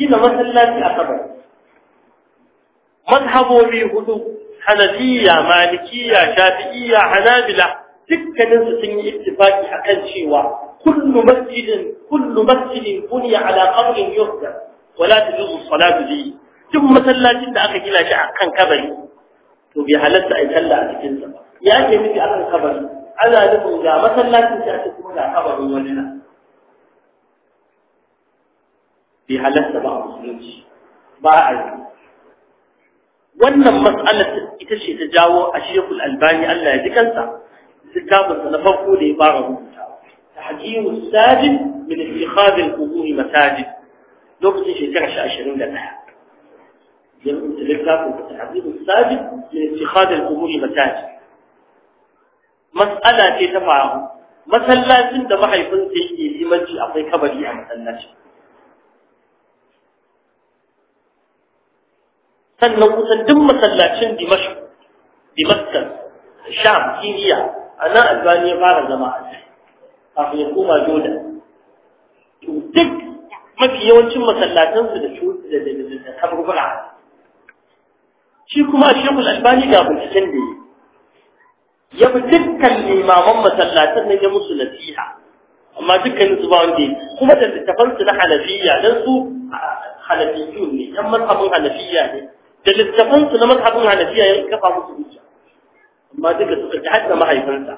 كده مثلا في القبر مذهب ابي هدو حنفيه مالكيه شافعيه حنابلة سكنه سن اتفاق حقا شيء كل مسجد كل مسجد بني على قبر يهدى ولا تجوز الصلاة فيه ثم مسلاتين da aka gina shi akan kabari to bai halatta ai sallah a cikin sa ya ke miki akan kabari ana nufin ga masallacin shi a cikin kuma ga kabarin wani na bai ba a musulunci ba a wannan mas'alar ita ce ta jawo a shekul albani Allah ya ji kansa littafinsa na farko da ya fara rubuta تحذير الساجد من اتخاذ القبور مساجد نقص شكرش عشرين يعني لتها تحذير الساجد من اتخاذ القبور مساجد مسألة تتبعه مثل لا سند ما حيفن تشيء لمن جي أعطي كبري مثل نشي سنو سندم مثل لا سند مشهور الشعب كينيا أنا أدواني فارغ لما أدواني kafin ya koma jordan to duk mafi yawancin masallatansu da cuta da da kaburbura shi kuma shekul albani ga binciken da yi ya fi dukkan limaman masallatan na ya musu nasiha amma dukkanin su ba wanda kuma da littafan su na halafiya dan su halafiyu ne yan mazhabin halafiya ne da littafan su na mazhabin halafiya ya kafa musu hujja amma duka suka ji hadda mahaifinsa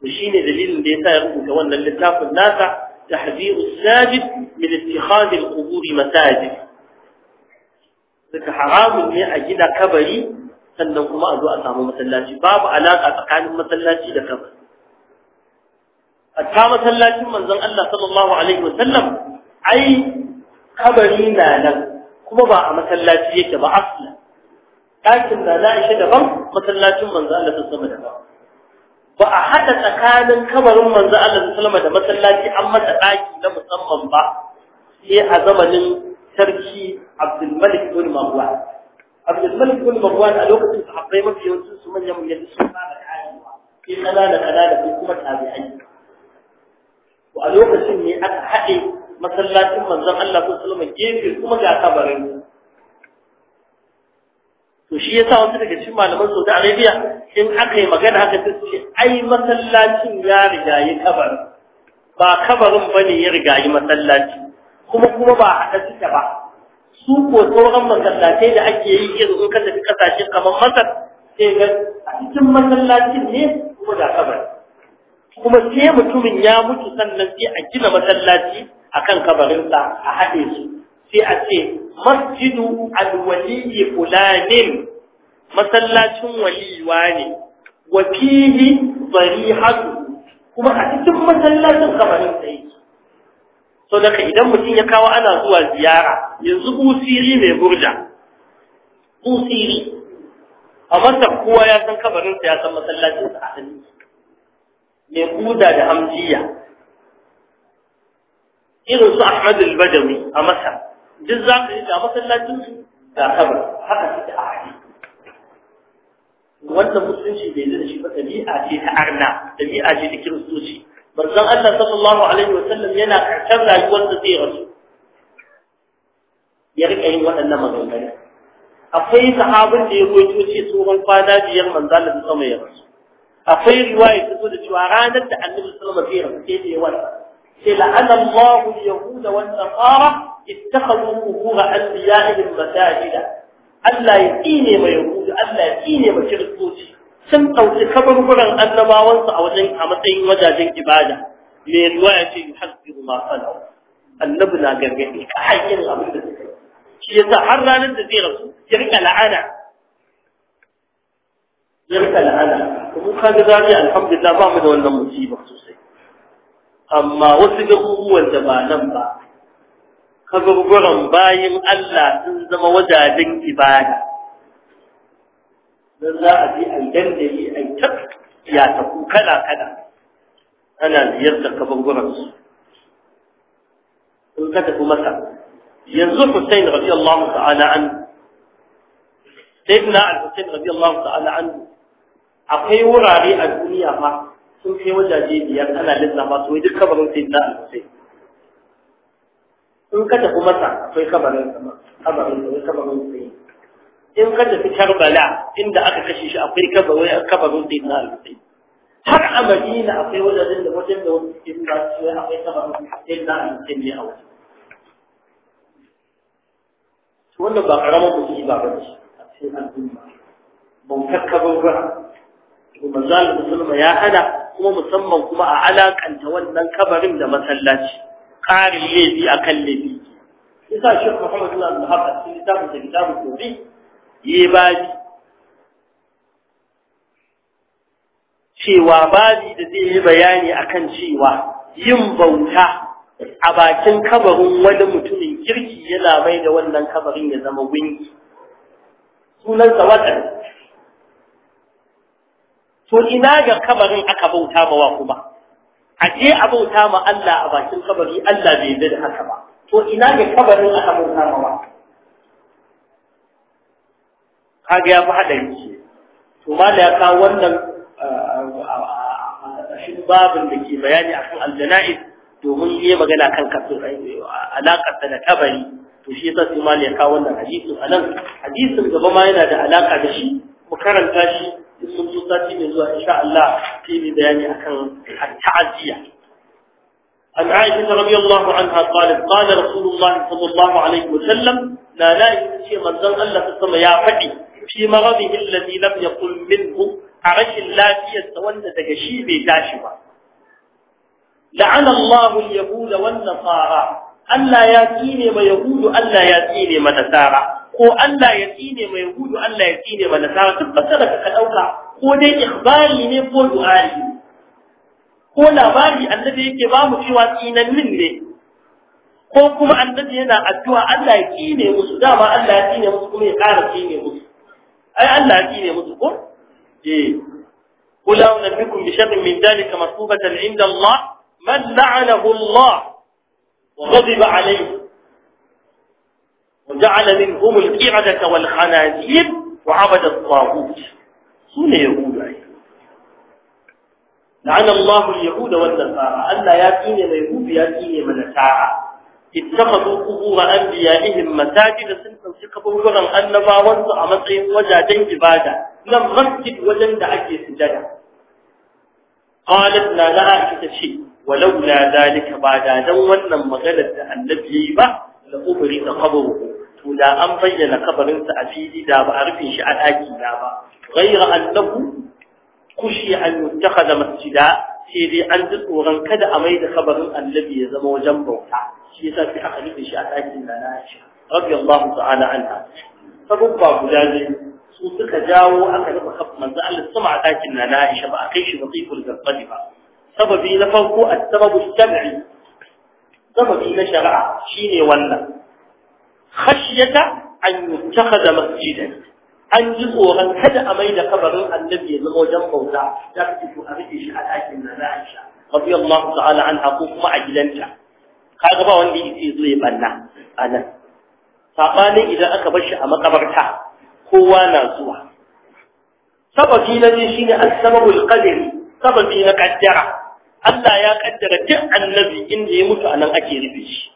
to shine dalilin da yasa ya rubuta wannan littafin nasa tahziru sajid min ittikhadh al-qubur masajid saka haramun ne a gina kabari sannan kuma a zo a samu masallaci babu alaka tsakanin masallaci da kabari ta masallacin manzon Allah sallallahu alaihi wasallam ai kabari na nan kuma ba a masallaci yake ba aslan ɗakin da na ishe daban masallacin manzon Allah sallallahu alaihi wasallam daban ba a haɗa tsakanin kamarin manzo Allah sallama da masallaci an masa ɗaki na musamman ba sai a zamanin sarki Abdul Malik ibn Marwan Abdul Malik ibn Marwan a lokacin sahabbai mafi yawancin su manyan manyan su fara kayewa sai kanana kanana ko kuma tabi'ai to a lokacin ne aka haɗe masallacin manzon Allah sallallahu alaihi wasallam gefe kuma ga kabarin to shi yasa wasu daga cikin malaman Saudi Arabia in aka yi magana haka ta ce ai masallacin ya riga yi kabar ba kabarin ba ne ya riga yi masallaci kuma kuma ba haɗa suke ba su ko sauran masallatai da ake yi irin in ka tafi kasashe kamar Masar sai ga a cikin masallacin ne kuma da kabar kuma sai mutumin ya mutu sannan sai a gina masallaci akan kabarinsa a haɗe su sai a ce masjidu alwaliyi fulanin masallacin waliwa ne wa fihi zarihatu kuma a cikin masallacin kabarin sa yake so daga idan mutum ya kawo ana zuwa ziyara yanzu busiri mai burja busiri a masar kowa ya san kabarin sa ya san masallacin sa asali mai kuda da hamjiya irin su Ahmadu al-Badawi a Masar duk za ka yi ga masallacin su ga kabar haka suke a haɗe wannan musulunci bai zai shi ba ɗabi'a ce ta arna ɗabi'a ce ta kiristoci manzon Allah sallallahu alaihi wa sallam yana karshen rayuwar da zai rasu ya riƙa yin waɗannan maganganu akwai sahabin da ya goyo ce tsohon kwana biyar manzon Allah sama ya rasu akwai riwaya ta zo da cewa ranar da Annabi sallallahu alaihi wa sallam zai rasu sai da ya لعن الله اليهود والنصارى اتخذوا قبور انبيائهم مساجدا الا يقيني ما يقول الا يقيني ما تشركوش سن قوت كبر قبر انباوان سو اوجن امتين وجاجين عباده من وقت يحذر ما صنعوا النبنا غرغدي كحيين الامر شي يتحرن الذي غرس يرك العنا يرك العنا ومو خالد ذلك الحمد لله ما من ولا مصيبه خصوصا amma wasu garuruwan da ba nan ba kaburburan bayan Allah sun zama wajajen ibada don za a bi a dandali a ta ya tafu kala kala ana ziyartar kaburburan su in ka tafi masa yanzu Hussein radiyallahu ta'ala an sayyidina al-Hussein radiyallahu ta'ala an akwai wurare a duniya ma sun kai wajaje biyar ana lissafa su duk kabarin sai da alfasai in ka tafi masa akwai kabarin kabarin sai kabarin sai in ka tafi karbala inda aka kashe shi akwai kabarin kabarin sai da alfasai har a madina akwai wajajen da wajen da wasu suke nuna cewa akwai kabarin sai da alfasai ne a wajen wannan ba karamin musiba ba ba ce a cikin al'umma bautar ba kuma zalimin musulma ya hada kuma musamman kuma a alakanta wannan kabarin da masallaci ƙarin laifi a kan laifi isa shi kuma suna da haka sun littafin da kitabun tori yi babi cewa babi da zai yi bayani akan cewa yin bauta a bakin kabarin wani mutumin kirki yana mai da wannan kabarin ya zama gunki sunansa watan to ina ga kabarin aka bauta ma wa kuma a a bauta ma Allah a bakin kabari Allah bai yarda da haka ba to ina ga kabarin aka bauta ma wa kaga ya fi hadari ce to mala ya kawo wannan shin eh, babin da ke bayani akan aljanaiz domin yi magana kan kafin alaƙar da kabari to shi yasa sai mala ya kawo wannan hadisin anan hadisin gaba ma yana da alaƙa da shi mu karanta shi da sun zo sati mai zuwa insha Allah sai mai bayani akan ta'aziyya an aisha radiyallahu anha qalat qala rasulullah sallallahu alaihi wa sallam la la ce manzon Allah ta sama ya faɗi fi maradihi alladhi lam yaqul minhu a rashin lafiyar wanda daga shi bai tashi ba la'ana Allah al-yahud wa an-nasara Allah ya tsine ma yahudu Allah ya tsine ma nasara ko Allah ya tsine mai gudu Allah ya tsine ba na nasara duk fasara ka ɗauka. ko dai ikhbari ne ko du'ai ko labari annabi yake ba mu cewa tsinannin ne ko kuma annabi yana addu'a Allah ya tsine musu dama Allah ya tsine musu kuma ya ƙara tsine musu ai Allah ya tsine musu ko eh قل أنبئكم بشر من ذلك مطلوبة عند الله من لعنه الله وغضب عليه وجعل منهم القردة والخنازير وعبد الطاغوت سنة يهود أيضا لعن الله اليهود والنصارى ألا ياتين اليهود ياتين من ساعة اتخذوا قبور أنبيائهم مساجد سنة وشكبوا لغا أنما وانسوا أمسعين وجادين إبادة لم مسجد وجن دعجي سجدة قالت لا لا أكتشي ولولا ذلك بعد أن ونم مغلت النبي به لأبرد قبره to da an bayyana kabarinsa a fili da ba a rufe shi a ɗaki na ba ghaira annahu kushi an yuttakhadha masjida sai dai an ji tsoron kada a maida kabarin annabi ya zama wajen bauta shi yasa sai aka rufe shi a ɗakin da na shi rabbi Allah ta'ala anha sabubba guda biyu su suka jawo aka rufe kafin manzo Allah sama a ɗakin na na Aisha ba a kai shi wasiqul garbadi ba sababi na farko a sababu shar'i sababi na shari'a shine wannan khashyata an yuttakhadha masjidan an ji tsoron kada a mai da kabarin annabi ya zama wajen bauta za ka ci a rike shi a ɗakin na na Aisha radiyallahu ta'ala anha ko kuma a gidanta ga ba wanda yake zo ya banna anan sabanin idan aka bar shi a makabarta kowa na zuwa sababi na zai shine as-sababul qadari sababi na kaddara Allah ya kaddara duk annabi inda ya mutu nan ake rufe shi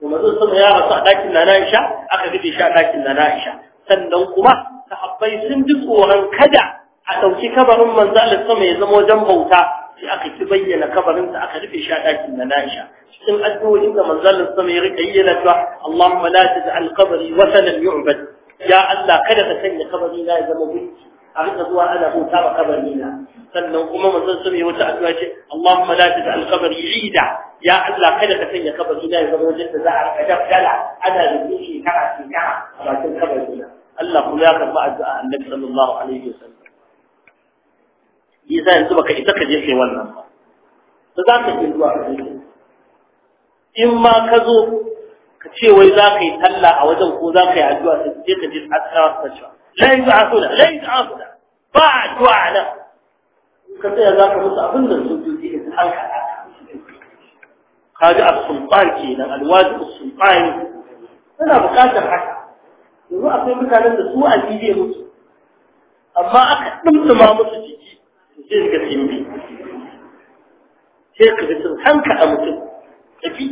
to manzon sama ya rasu a ɗakin na Aisha aka rufe shi a ɗakin na Aisha sannan kuma sahabbai sun ji tsoron kada a ɗauki kabarin manzo Allah sama ya zama wajen bauta sai aka ki bayyana kabarin da aka rufe shi a ɗakin na Aisha cikin addu'o'in da manzo Allah sama ya rika yi na cewa Allahumma la taj'al qabri wasanan yu'bad ya Allah kada ka sanya kabari na ya zama gunki a rika zuwa ana bauta ba kabari na sannan kuma manzon sun yi wata addu'a ce Allahumma la taj'al qabri ida ya Allah kada ka sanya kabari na ya zama wajen da za a rika dafdala ana da rubuce shekara shekara a bakin kabari na Allah kuma ya karɓi addu'a Annabi sallallahu alaihi wasallam yasa yanzu baka ita ka je kai wannan ba da za ka je zuwa in ma ka zo ka ce wai za ka yi talla a wajen ko za ka yi addu'a sai ka je askar ta la yu'afuna la yu'afuna ba addu'a nan ka tsaya za ka musu abin da sojoji ne su halka kaji as-sultan kenan alwaji as-sultan yana bukatar haka yanzu akwai mutanen da su a jiye musu amma aka dumduma musu jiki sai ga tsimbi sai ka sun hanka a mutum tafi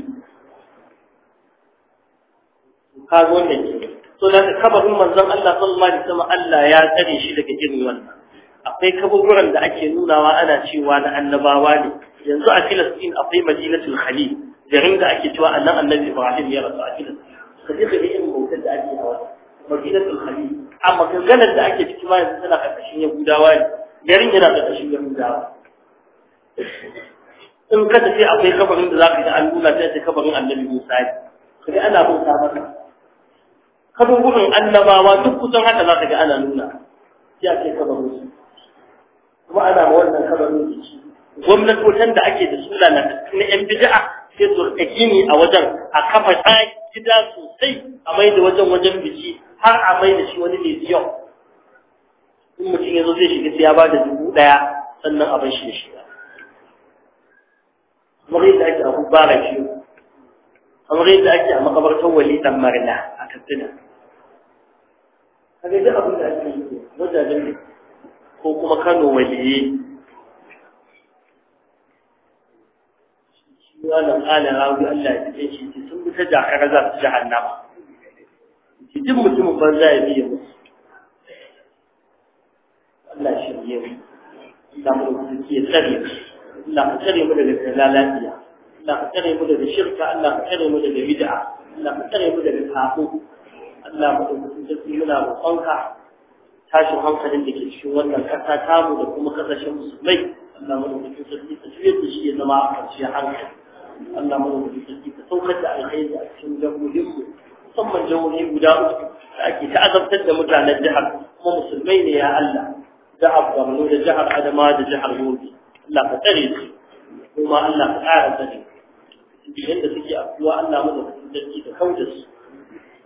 kaga so da kabarin manzon Allah sallallahu alaihi wasallam Allah ya tsare shi daga irin wannan akwai kaburburan da ake nunawa ana cewa na annabawa ne yanzu a Filistin akwai Madinatul Khalil garin da ake cewa annan annabi Ibrahim ya rasu a Filistin kaje ga irin bautar da ake hawa Madinatul Khalil amma ganganar da ake ciki ma yanzu tana karkashin Yahudawa ne garin yana karkashin Yahudawa in ka tafi akwai kabarin da za ka yi an nuna ta ce kabarin annabi Musa ne kaga ana bauta masa kaburburin annabawa duk kusan haka za ka ga ana nuna ya ke kabarin musu kuma ana ma wannan kabarin Gwamnati gwamnatocin da ake da suna na na yan bid'a sai su ne gini a wajen a kafa tsaki gida sosai a mai da wajen wajen biki har a mai da shi wani mai biyan in mutum ya zo zai shiga sai ya ba da dubu ɗaya sannan abin shi da shiga kamar yadda ake a hubbara kamar yadda ake a makabartar wali dan marina a katsina kaga duk abin da ake yi wajajen ko kuma Kano waliyi wannan ala rawi Allah ya ce shi sun bi ta jahara za su jahannama shi duk mutumin banza ya biye musu Allah shi biye mu Allah mu rubuta ya tsare Allah ka tsare mu daga lalaciya Allah ka tsare mu daga shirka Allah ka tsare mu daga bid'a Allah ka tsare mu daga sako Allah madaukakin sarki muna roƙonka tashin hankalin da ke cikin wannan ƙasa tamu da kuma kasashen musulmai Allah madaukakin sarki ta juyar da shi ya zama a kwanciyar hankali Allah madaukakin sarki ta saukar da alkhairi a cikin jagorinmu musamman jihohi guda uku da ake ta'azabtar da mutanen jihar kuma musulmai ne ya Allah jihar Borno da jihar Adama da jihar Yobe Allah ka tsare su kuma Allah ka ƙara tsare yadda suke afuwa Allah madaukakin sarki ka kauda su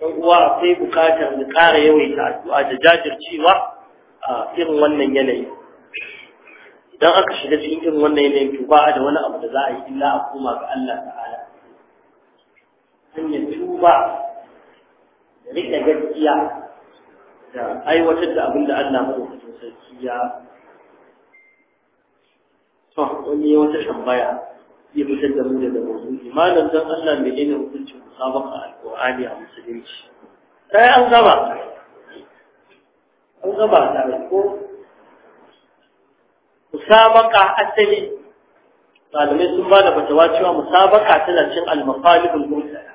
ɗan uwa akwai bukatar da ƙara yawaita addu'a da jajircewa a irin wannan yanayi idan aka shiga cikin irin wannan yanayin to ba da wani abu da za a yi illa a koma ga Allah ta'ala hanyar tuba da riƙe gaskiya da aiwatar da abin da Allah maɗaukakin sarki ya to wani wata tambaya ya fitar da mu daga mawdu'i malam dan Allah mai ne hukuncin musabaka qurani a musulunci sai an gaba an gaba ta ko musabaka asali malamai sun ba da fatawa cewa musabaka tana cin al-mafalihul mursala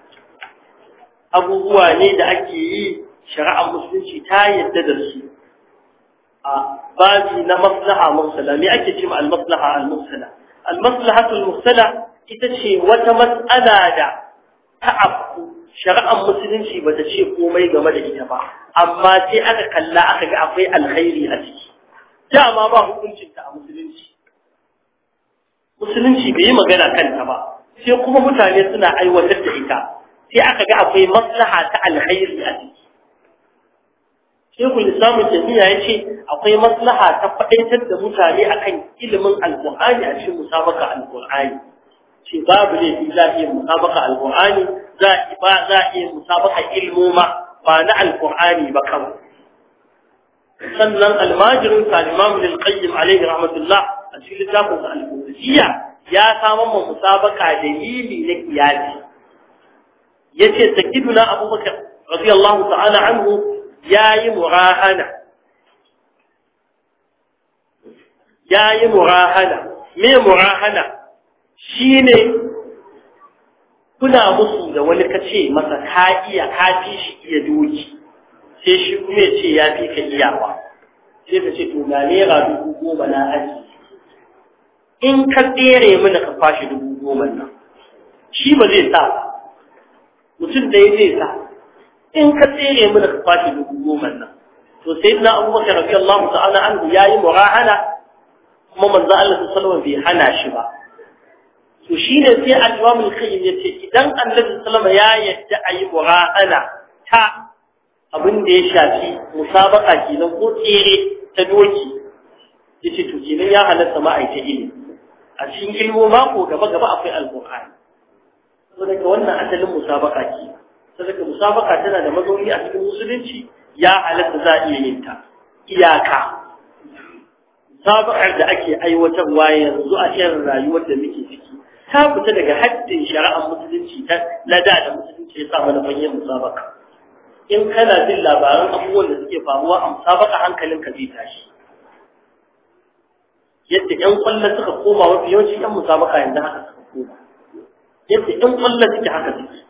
abubuwa ne da ake yi shari'ar musulunci ta yadda da su a babi na maslaha mursala me ake cewa al-maslaha al-mursala almaslahatul mursala ita ce wata mas'ala da ta afku shari'ar musulunci bata ce komai game da ita ba amma sai aka kalla aka ga akwai alkhairi a ciki dama ba hukuncin ta a musulunci musulunci bai yi magana kanta ba sai kuma mutane suna aiwatar da ita sai aka ga akwai maslaha ta alkhairi a ciki shekul islamu tafiya ya ce akwai maslaha ta faɗaitar da mutane akan ilimin alƙur'ani a cikin musabaka alƙur'ani ce babu ne za a iya musabaka alƙur'ani za a ba za a iya musabaka ilmoma ba na alƙur'ani ba kan sannan almajirin sa imam lil qayyim alaihi rahmatullah a cikin littafin sa al-qudusiyya ya samar ma musabaka dalili na kiyasi yace sakiduna abubakar radiyallahu ta'ala anhu yayi murahana yayi murahana me murahana shine kuna musu da wani kace masa ka iya ka fi shi iya doki sai shi kuma ya ce ya fi ka iyawa sai ka ce to ga naira dubu goma na aji in ka tsere mana ka fashi dubu goma nan shi ba zai sa mutum da ya zai sa in ka tsere mana ka kwace dubu goma nan to sai na abubakar rafi Allah ta'ala an ya yi murahana kuma manzo Allah sallallahu bai hana shi ba to shine sai al-Imam al-Qayyim yace idan Annabi sallallahu ya yadda ayi murahana ta abin ya shafi musabaka kenan ko tsere ta doki yace to kenan ya halatta ma ai ilimi a cikin ilmo mako gaba gaba akwai al-Qur'ani saboda wannan asalin musabaka kenan sadaka musabaka tana da mazauni a cikin musulunci ya halatta za a iya yin ta iyaka musabakar da ake aiwatarwa yanzu a irin rayuwar da muke ciki ta fita daga haddin shari'ar musulunci ta na da musulunci ya sa mana manyan musabaka in kana jin labaran abubuwan da suke faruwa a musabaka ka zai tashi yadda 'yan kwallon suka koma mafi yawanci ƴan musabaka yanzu haka suka koma yadda ƴan kwallon suke haka suke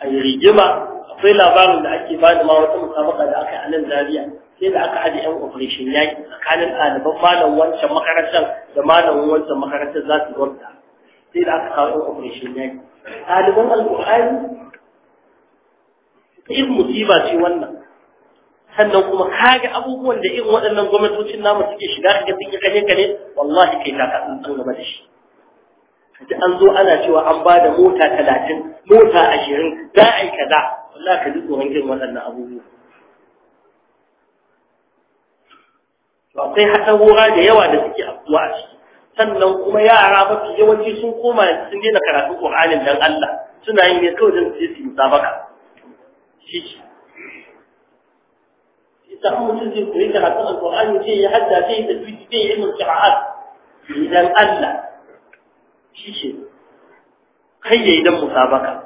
a yi rigima akwai labarin da ake bada ma wata musamman da aka yi a nan zariya sai da aka haɗe yan operation yaƙi tsakanin ɗaliban malam wancan makarantar da malamin wancan makarantar za su gwamta sai da aka kawo yan operation yaƙi ɗaliban alƙur'ani irin musiba ce wannan sannan kuma kaga abubuwan da irin waɗannan gwamnatocin namu suke shiga kaga sun yi kane wallahi kai ta kasan gaba da shi ji an zo ana cewa an ba da mota talatin mota ashirin za a yi kaza wallah ka ji tsoron jin waɗannan abubuwa akwai haɗarura da yawa da suke abuwa a ciki sannan kuma yara mafi yawanci sun koma sun daina karatun ƙur'anin dan Allah suna yin ne kawai don su yi musabaka shi ce ita mutum zai koyi karatun alƙur'ani zai yi hadda zai yi tajwidi zai yi ilmin idan Allah shi kai ya yi don musabaka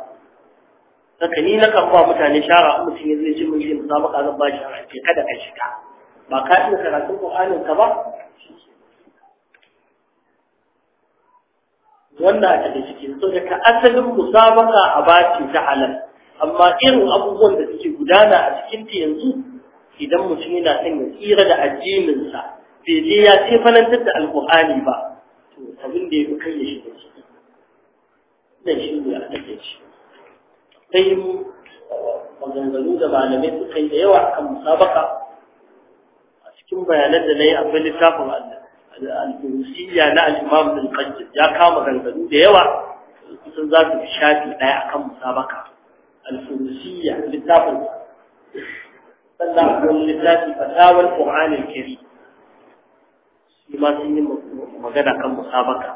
saka ni na kan ba mutane shara a mutum ya zai ji mun yi musabaka zan ba a ce kada ka shiga ba ka iya karatun ƙur'anin ka ba wanda a take cikin so da ka asalin musabaka a baci ta halal amma irin abubuwan da suke gudana a cikin ta yanzu idan mutum yana son ya tsira da addininsa bai je ya ce fanantar da alƙur'ani ba to abin da ya fi kai ya shiga dan shi ne a take shi sai maganganu da malamai suka yi da yawa kan musabaka a cikin bayanan da na yi akwai littafin al-Furusiyya na al-Imam al-Qayyim ya kama maganganu da yawa kusan za su shafi ɗaya akan musabaka al-Furusiyya littafin sannan akwai littafi fatawar Qur'an al-Karim shi ma sun yi magana kan musabaka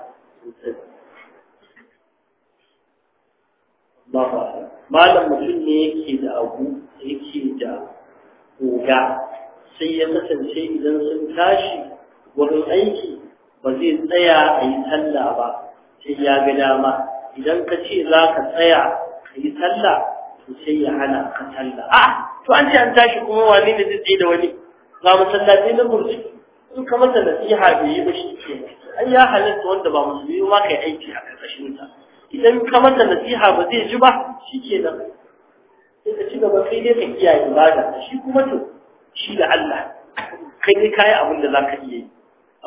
malam mutum ne yake da abu yake da koga sai ya kasance idan sun tashi wurin aiki ba zai tsaya a yi talla ba sai ya ga dama idan ka ce za ka tsaya ka yi talla to sai ya hana ka talla a ah! to an ce an tashi kuma wani ne zai da wani ga masallaci na burci in ka masa nasiha bai yi ba shi ke ai ya halatta wanda ba musulmi ma kai aiki a ƙarƙashin ta idan ka nasiha ba zai ji ba shi ke nan sai ka ci gaba kai dai ka kiyaye ibada shi kuma to shi da Allah kai ne kayi abin da ka iya yi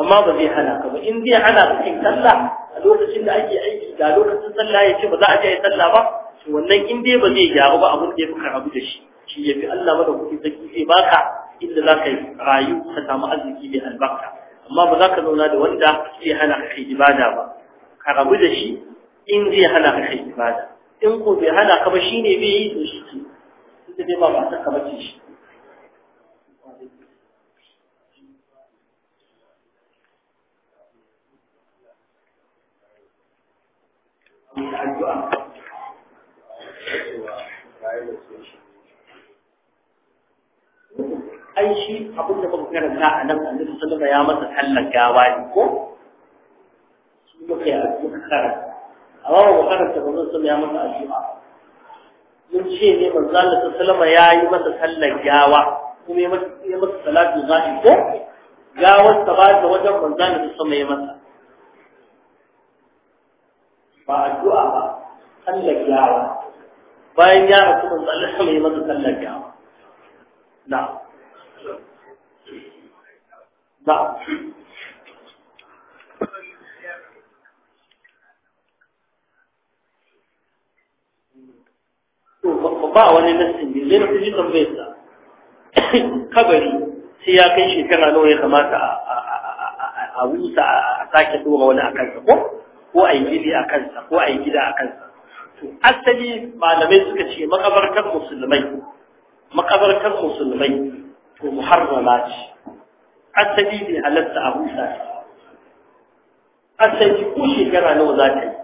amma ba zai hana ka ba in zai hana ka yin sallah a lokacin da ake aiki da lokacin sallah ya ce ba za a je a yi sallah ba to wannan in dai ba zai gyaru ba abin da ya fi karabu da shi shi ya fi Allah mada kuɗi zaki zai baka inda za ka rayu ka samu arziki mai albarka amma ba za ka zauna da wanda zai hana ka kai ibada ba ka rabu da shi in zai hana ka kai ibada in ko bai hana ka ba shine bai yi to shi ke sai dai ba ba ta kaba ce shi ai shi abin da kare karanta a nan annabi sallallahu alaihi ya masa tallan gawa ne ko shi a cikin karatu amma ba mu karanta ba zan sun ya masa addu'a mun ce ne manzo Allah ya yi masa sallar gawa kuma ya masa salatu zahir ko gawar ta ba ta wajen manzo Allah sallama ya masa ba addu'a ba sallar gawa bayan ya rasu manzo Allah sallama ya masa sallar gawa na'am na'am ba wani nassin ne zai rufe shi tambayarsa kabari sai ya kai shekara nawa ya kamata a wuta a sake dora wani a sa ko ko a yi gidi a kansa ko a yi gida a kansa to asali malamai suka ce makabartar musulmai makabartar musulmai to muharrama ce asali ne halatta a huta asali ko shekara nawa za ta yi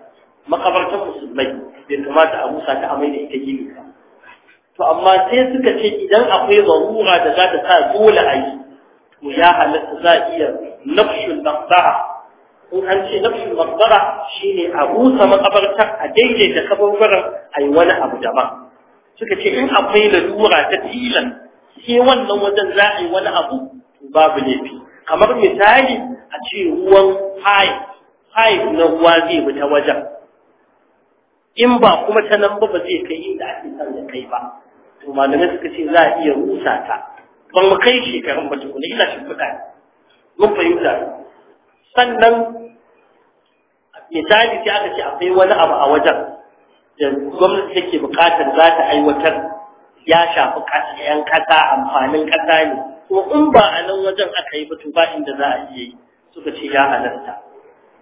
makabartar musulmai bai kamata a wuta ta amai da ita gini ba to amma sai suka ce idan akwai zarura da za ta sa dole a yi to ya halatta za a iya nafshul maqbara in an ce nafshul maqbara shine a busa makabartar a daidaita kabarbaran a yi wani abu daban suka ce in akwai lalura ta tilan sai wannan wajen za a yi wani abu babu laifi kamar misali a ce ruwan hayi hayi na ruwa zai bi ta wajen in ba kuma ta nan ba ba zai kai inda ake son kai ba to malamai suka ce za a iya rusa ta ban mu kai shekarun ba tukuna ina shi kuɗa mun fahimta sannan misali sai aka ce akwai wani abu a wajen da gwamnati take buƙatar za ta aiwatar ya shafi ƴan ƙasa amfanin ƙasa ne ko in ba a nan wajen aka yi batu to ba inda za a iya yi suka ce ya halarta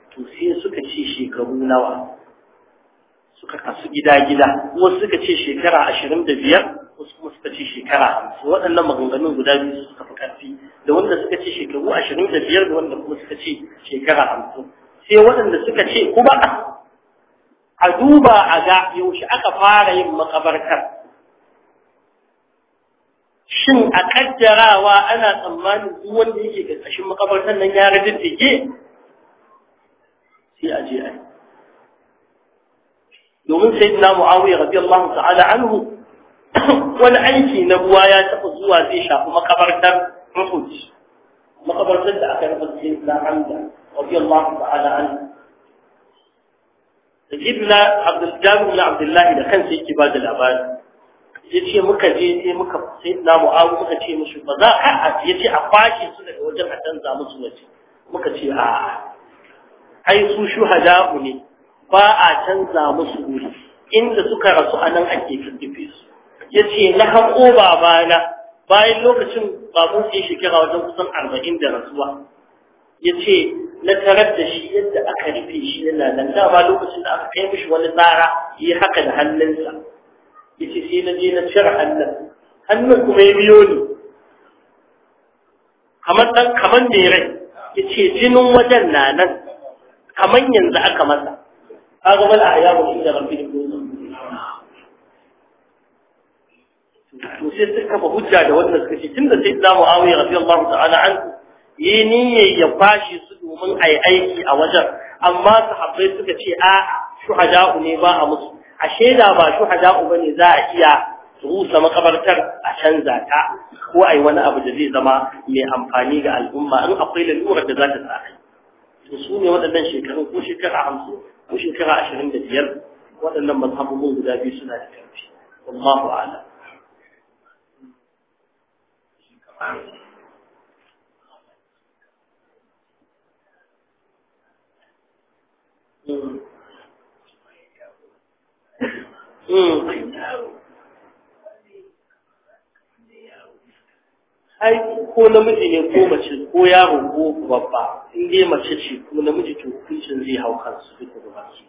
to sai suka ce shekaru nawa suka kasu gida-gida wasu suka ce shekara ashirin da biyar wasu kuma suka ce shekara hamsin waɗannan maganganun guda biyu suka fi ƙarfi da wanda suka ce shekaru ashirin da biyar da wanda kuma suka ce shekara hamsin sai waɗanda suka ce kuma a duba a ga yaushe aka fara yin makabarkar shin a kaddarawa ana tsammanin duk wanda yake ƙarƙashin makabartar nan ya rage rajintige sai a je a yi domin sai na mu'awiyar rabi Allah ta'ala anhu duk wani aiki na ruwa ya taɓa zuwa zai shafi makabartar Uhud makabartar da aka rufe sai na Hamza radiyallahu ta'ala anhu Sayyidina Abdul Jabir bin Abdullahi da kansa yake ba da labari yace muka je sai muka sayyidina Mu'awiya muka ce mushi ba za a yace a kwashe su daga wajen a canza musu waje muka ce a ai su shuhada'u ne ba a canza musu wuri inda suka rasu anan ake kiddife su ya ce na hanko babana bayan lokacin baban sai shekara wajen kusan arba'in da rasuwa ya ce na tarar da shi yadda aka rufe shi yana nan dama lokacin da aka kai mishi wani tsara yi haka da hannunsa ya ce sai na je na cire hannun hannun kuma ya biyo ni kamar ɗan kamar mai rai ya ce jinin wajen na nan kamar yanzu aka masa kaga bala a yawon inda rabbi to sai suka kafa hujja da wannan suka ce tunda sai Imam Muawiya radiyallahu ta'ala an yi niyyar ya bashi su domin ai aiki a wajen amma sahabbai suka ce a shuhada'u ne ba a musu a shaida ba shuhada'u bane za a iya rusa makabartar a canza ta ko ai wani abu da zai zama mai amfani ga al'umma in akwai lalurar da za ta sa to su ne waɗannan shekaru ko shekara hamsin ko shekara ashirin da biyar waɗannan mazhabobin guda biyu suna da ƙarfi wallahu a'lam ai ko namiji ne ko mace ko yaro ko babba in dai mace ce kuma namiji to hukuncin zai hau kansu duka da baki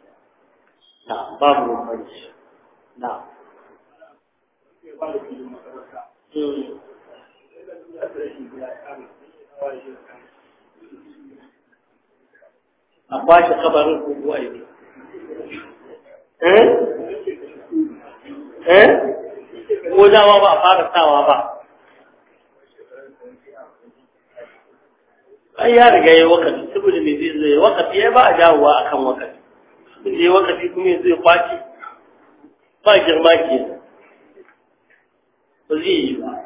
na babu bambanci na a kwashe kabarin kogo a yi eh eh ko dawa ba a fara sawa ba ai ya riga ya wakati saboda me zai zai wakati ya ba a dawowa kan wakati Saboda ya wakati kuma ya zai kwace ba girma ke ba zai yi ba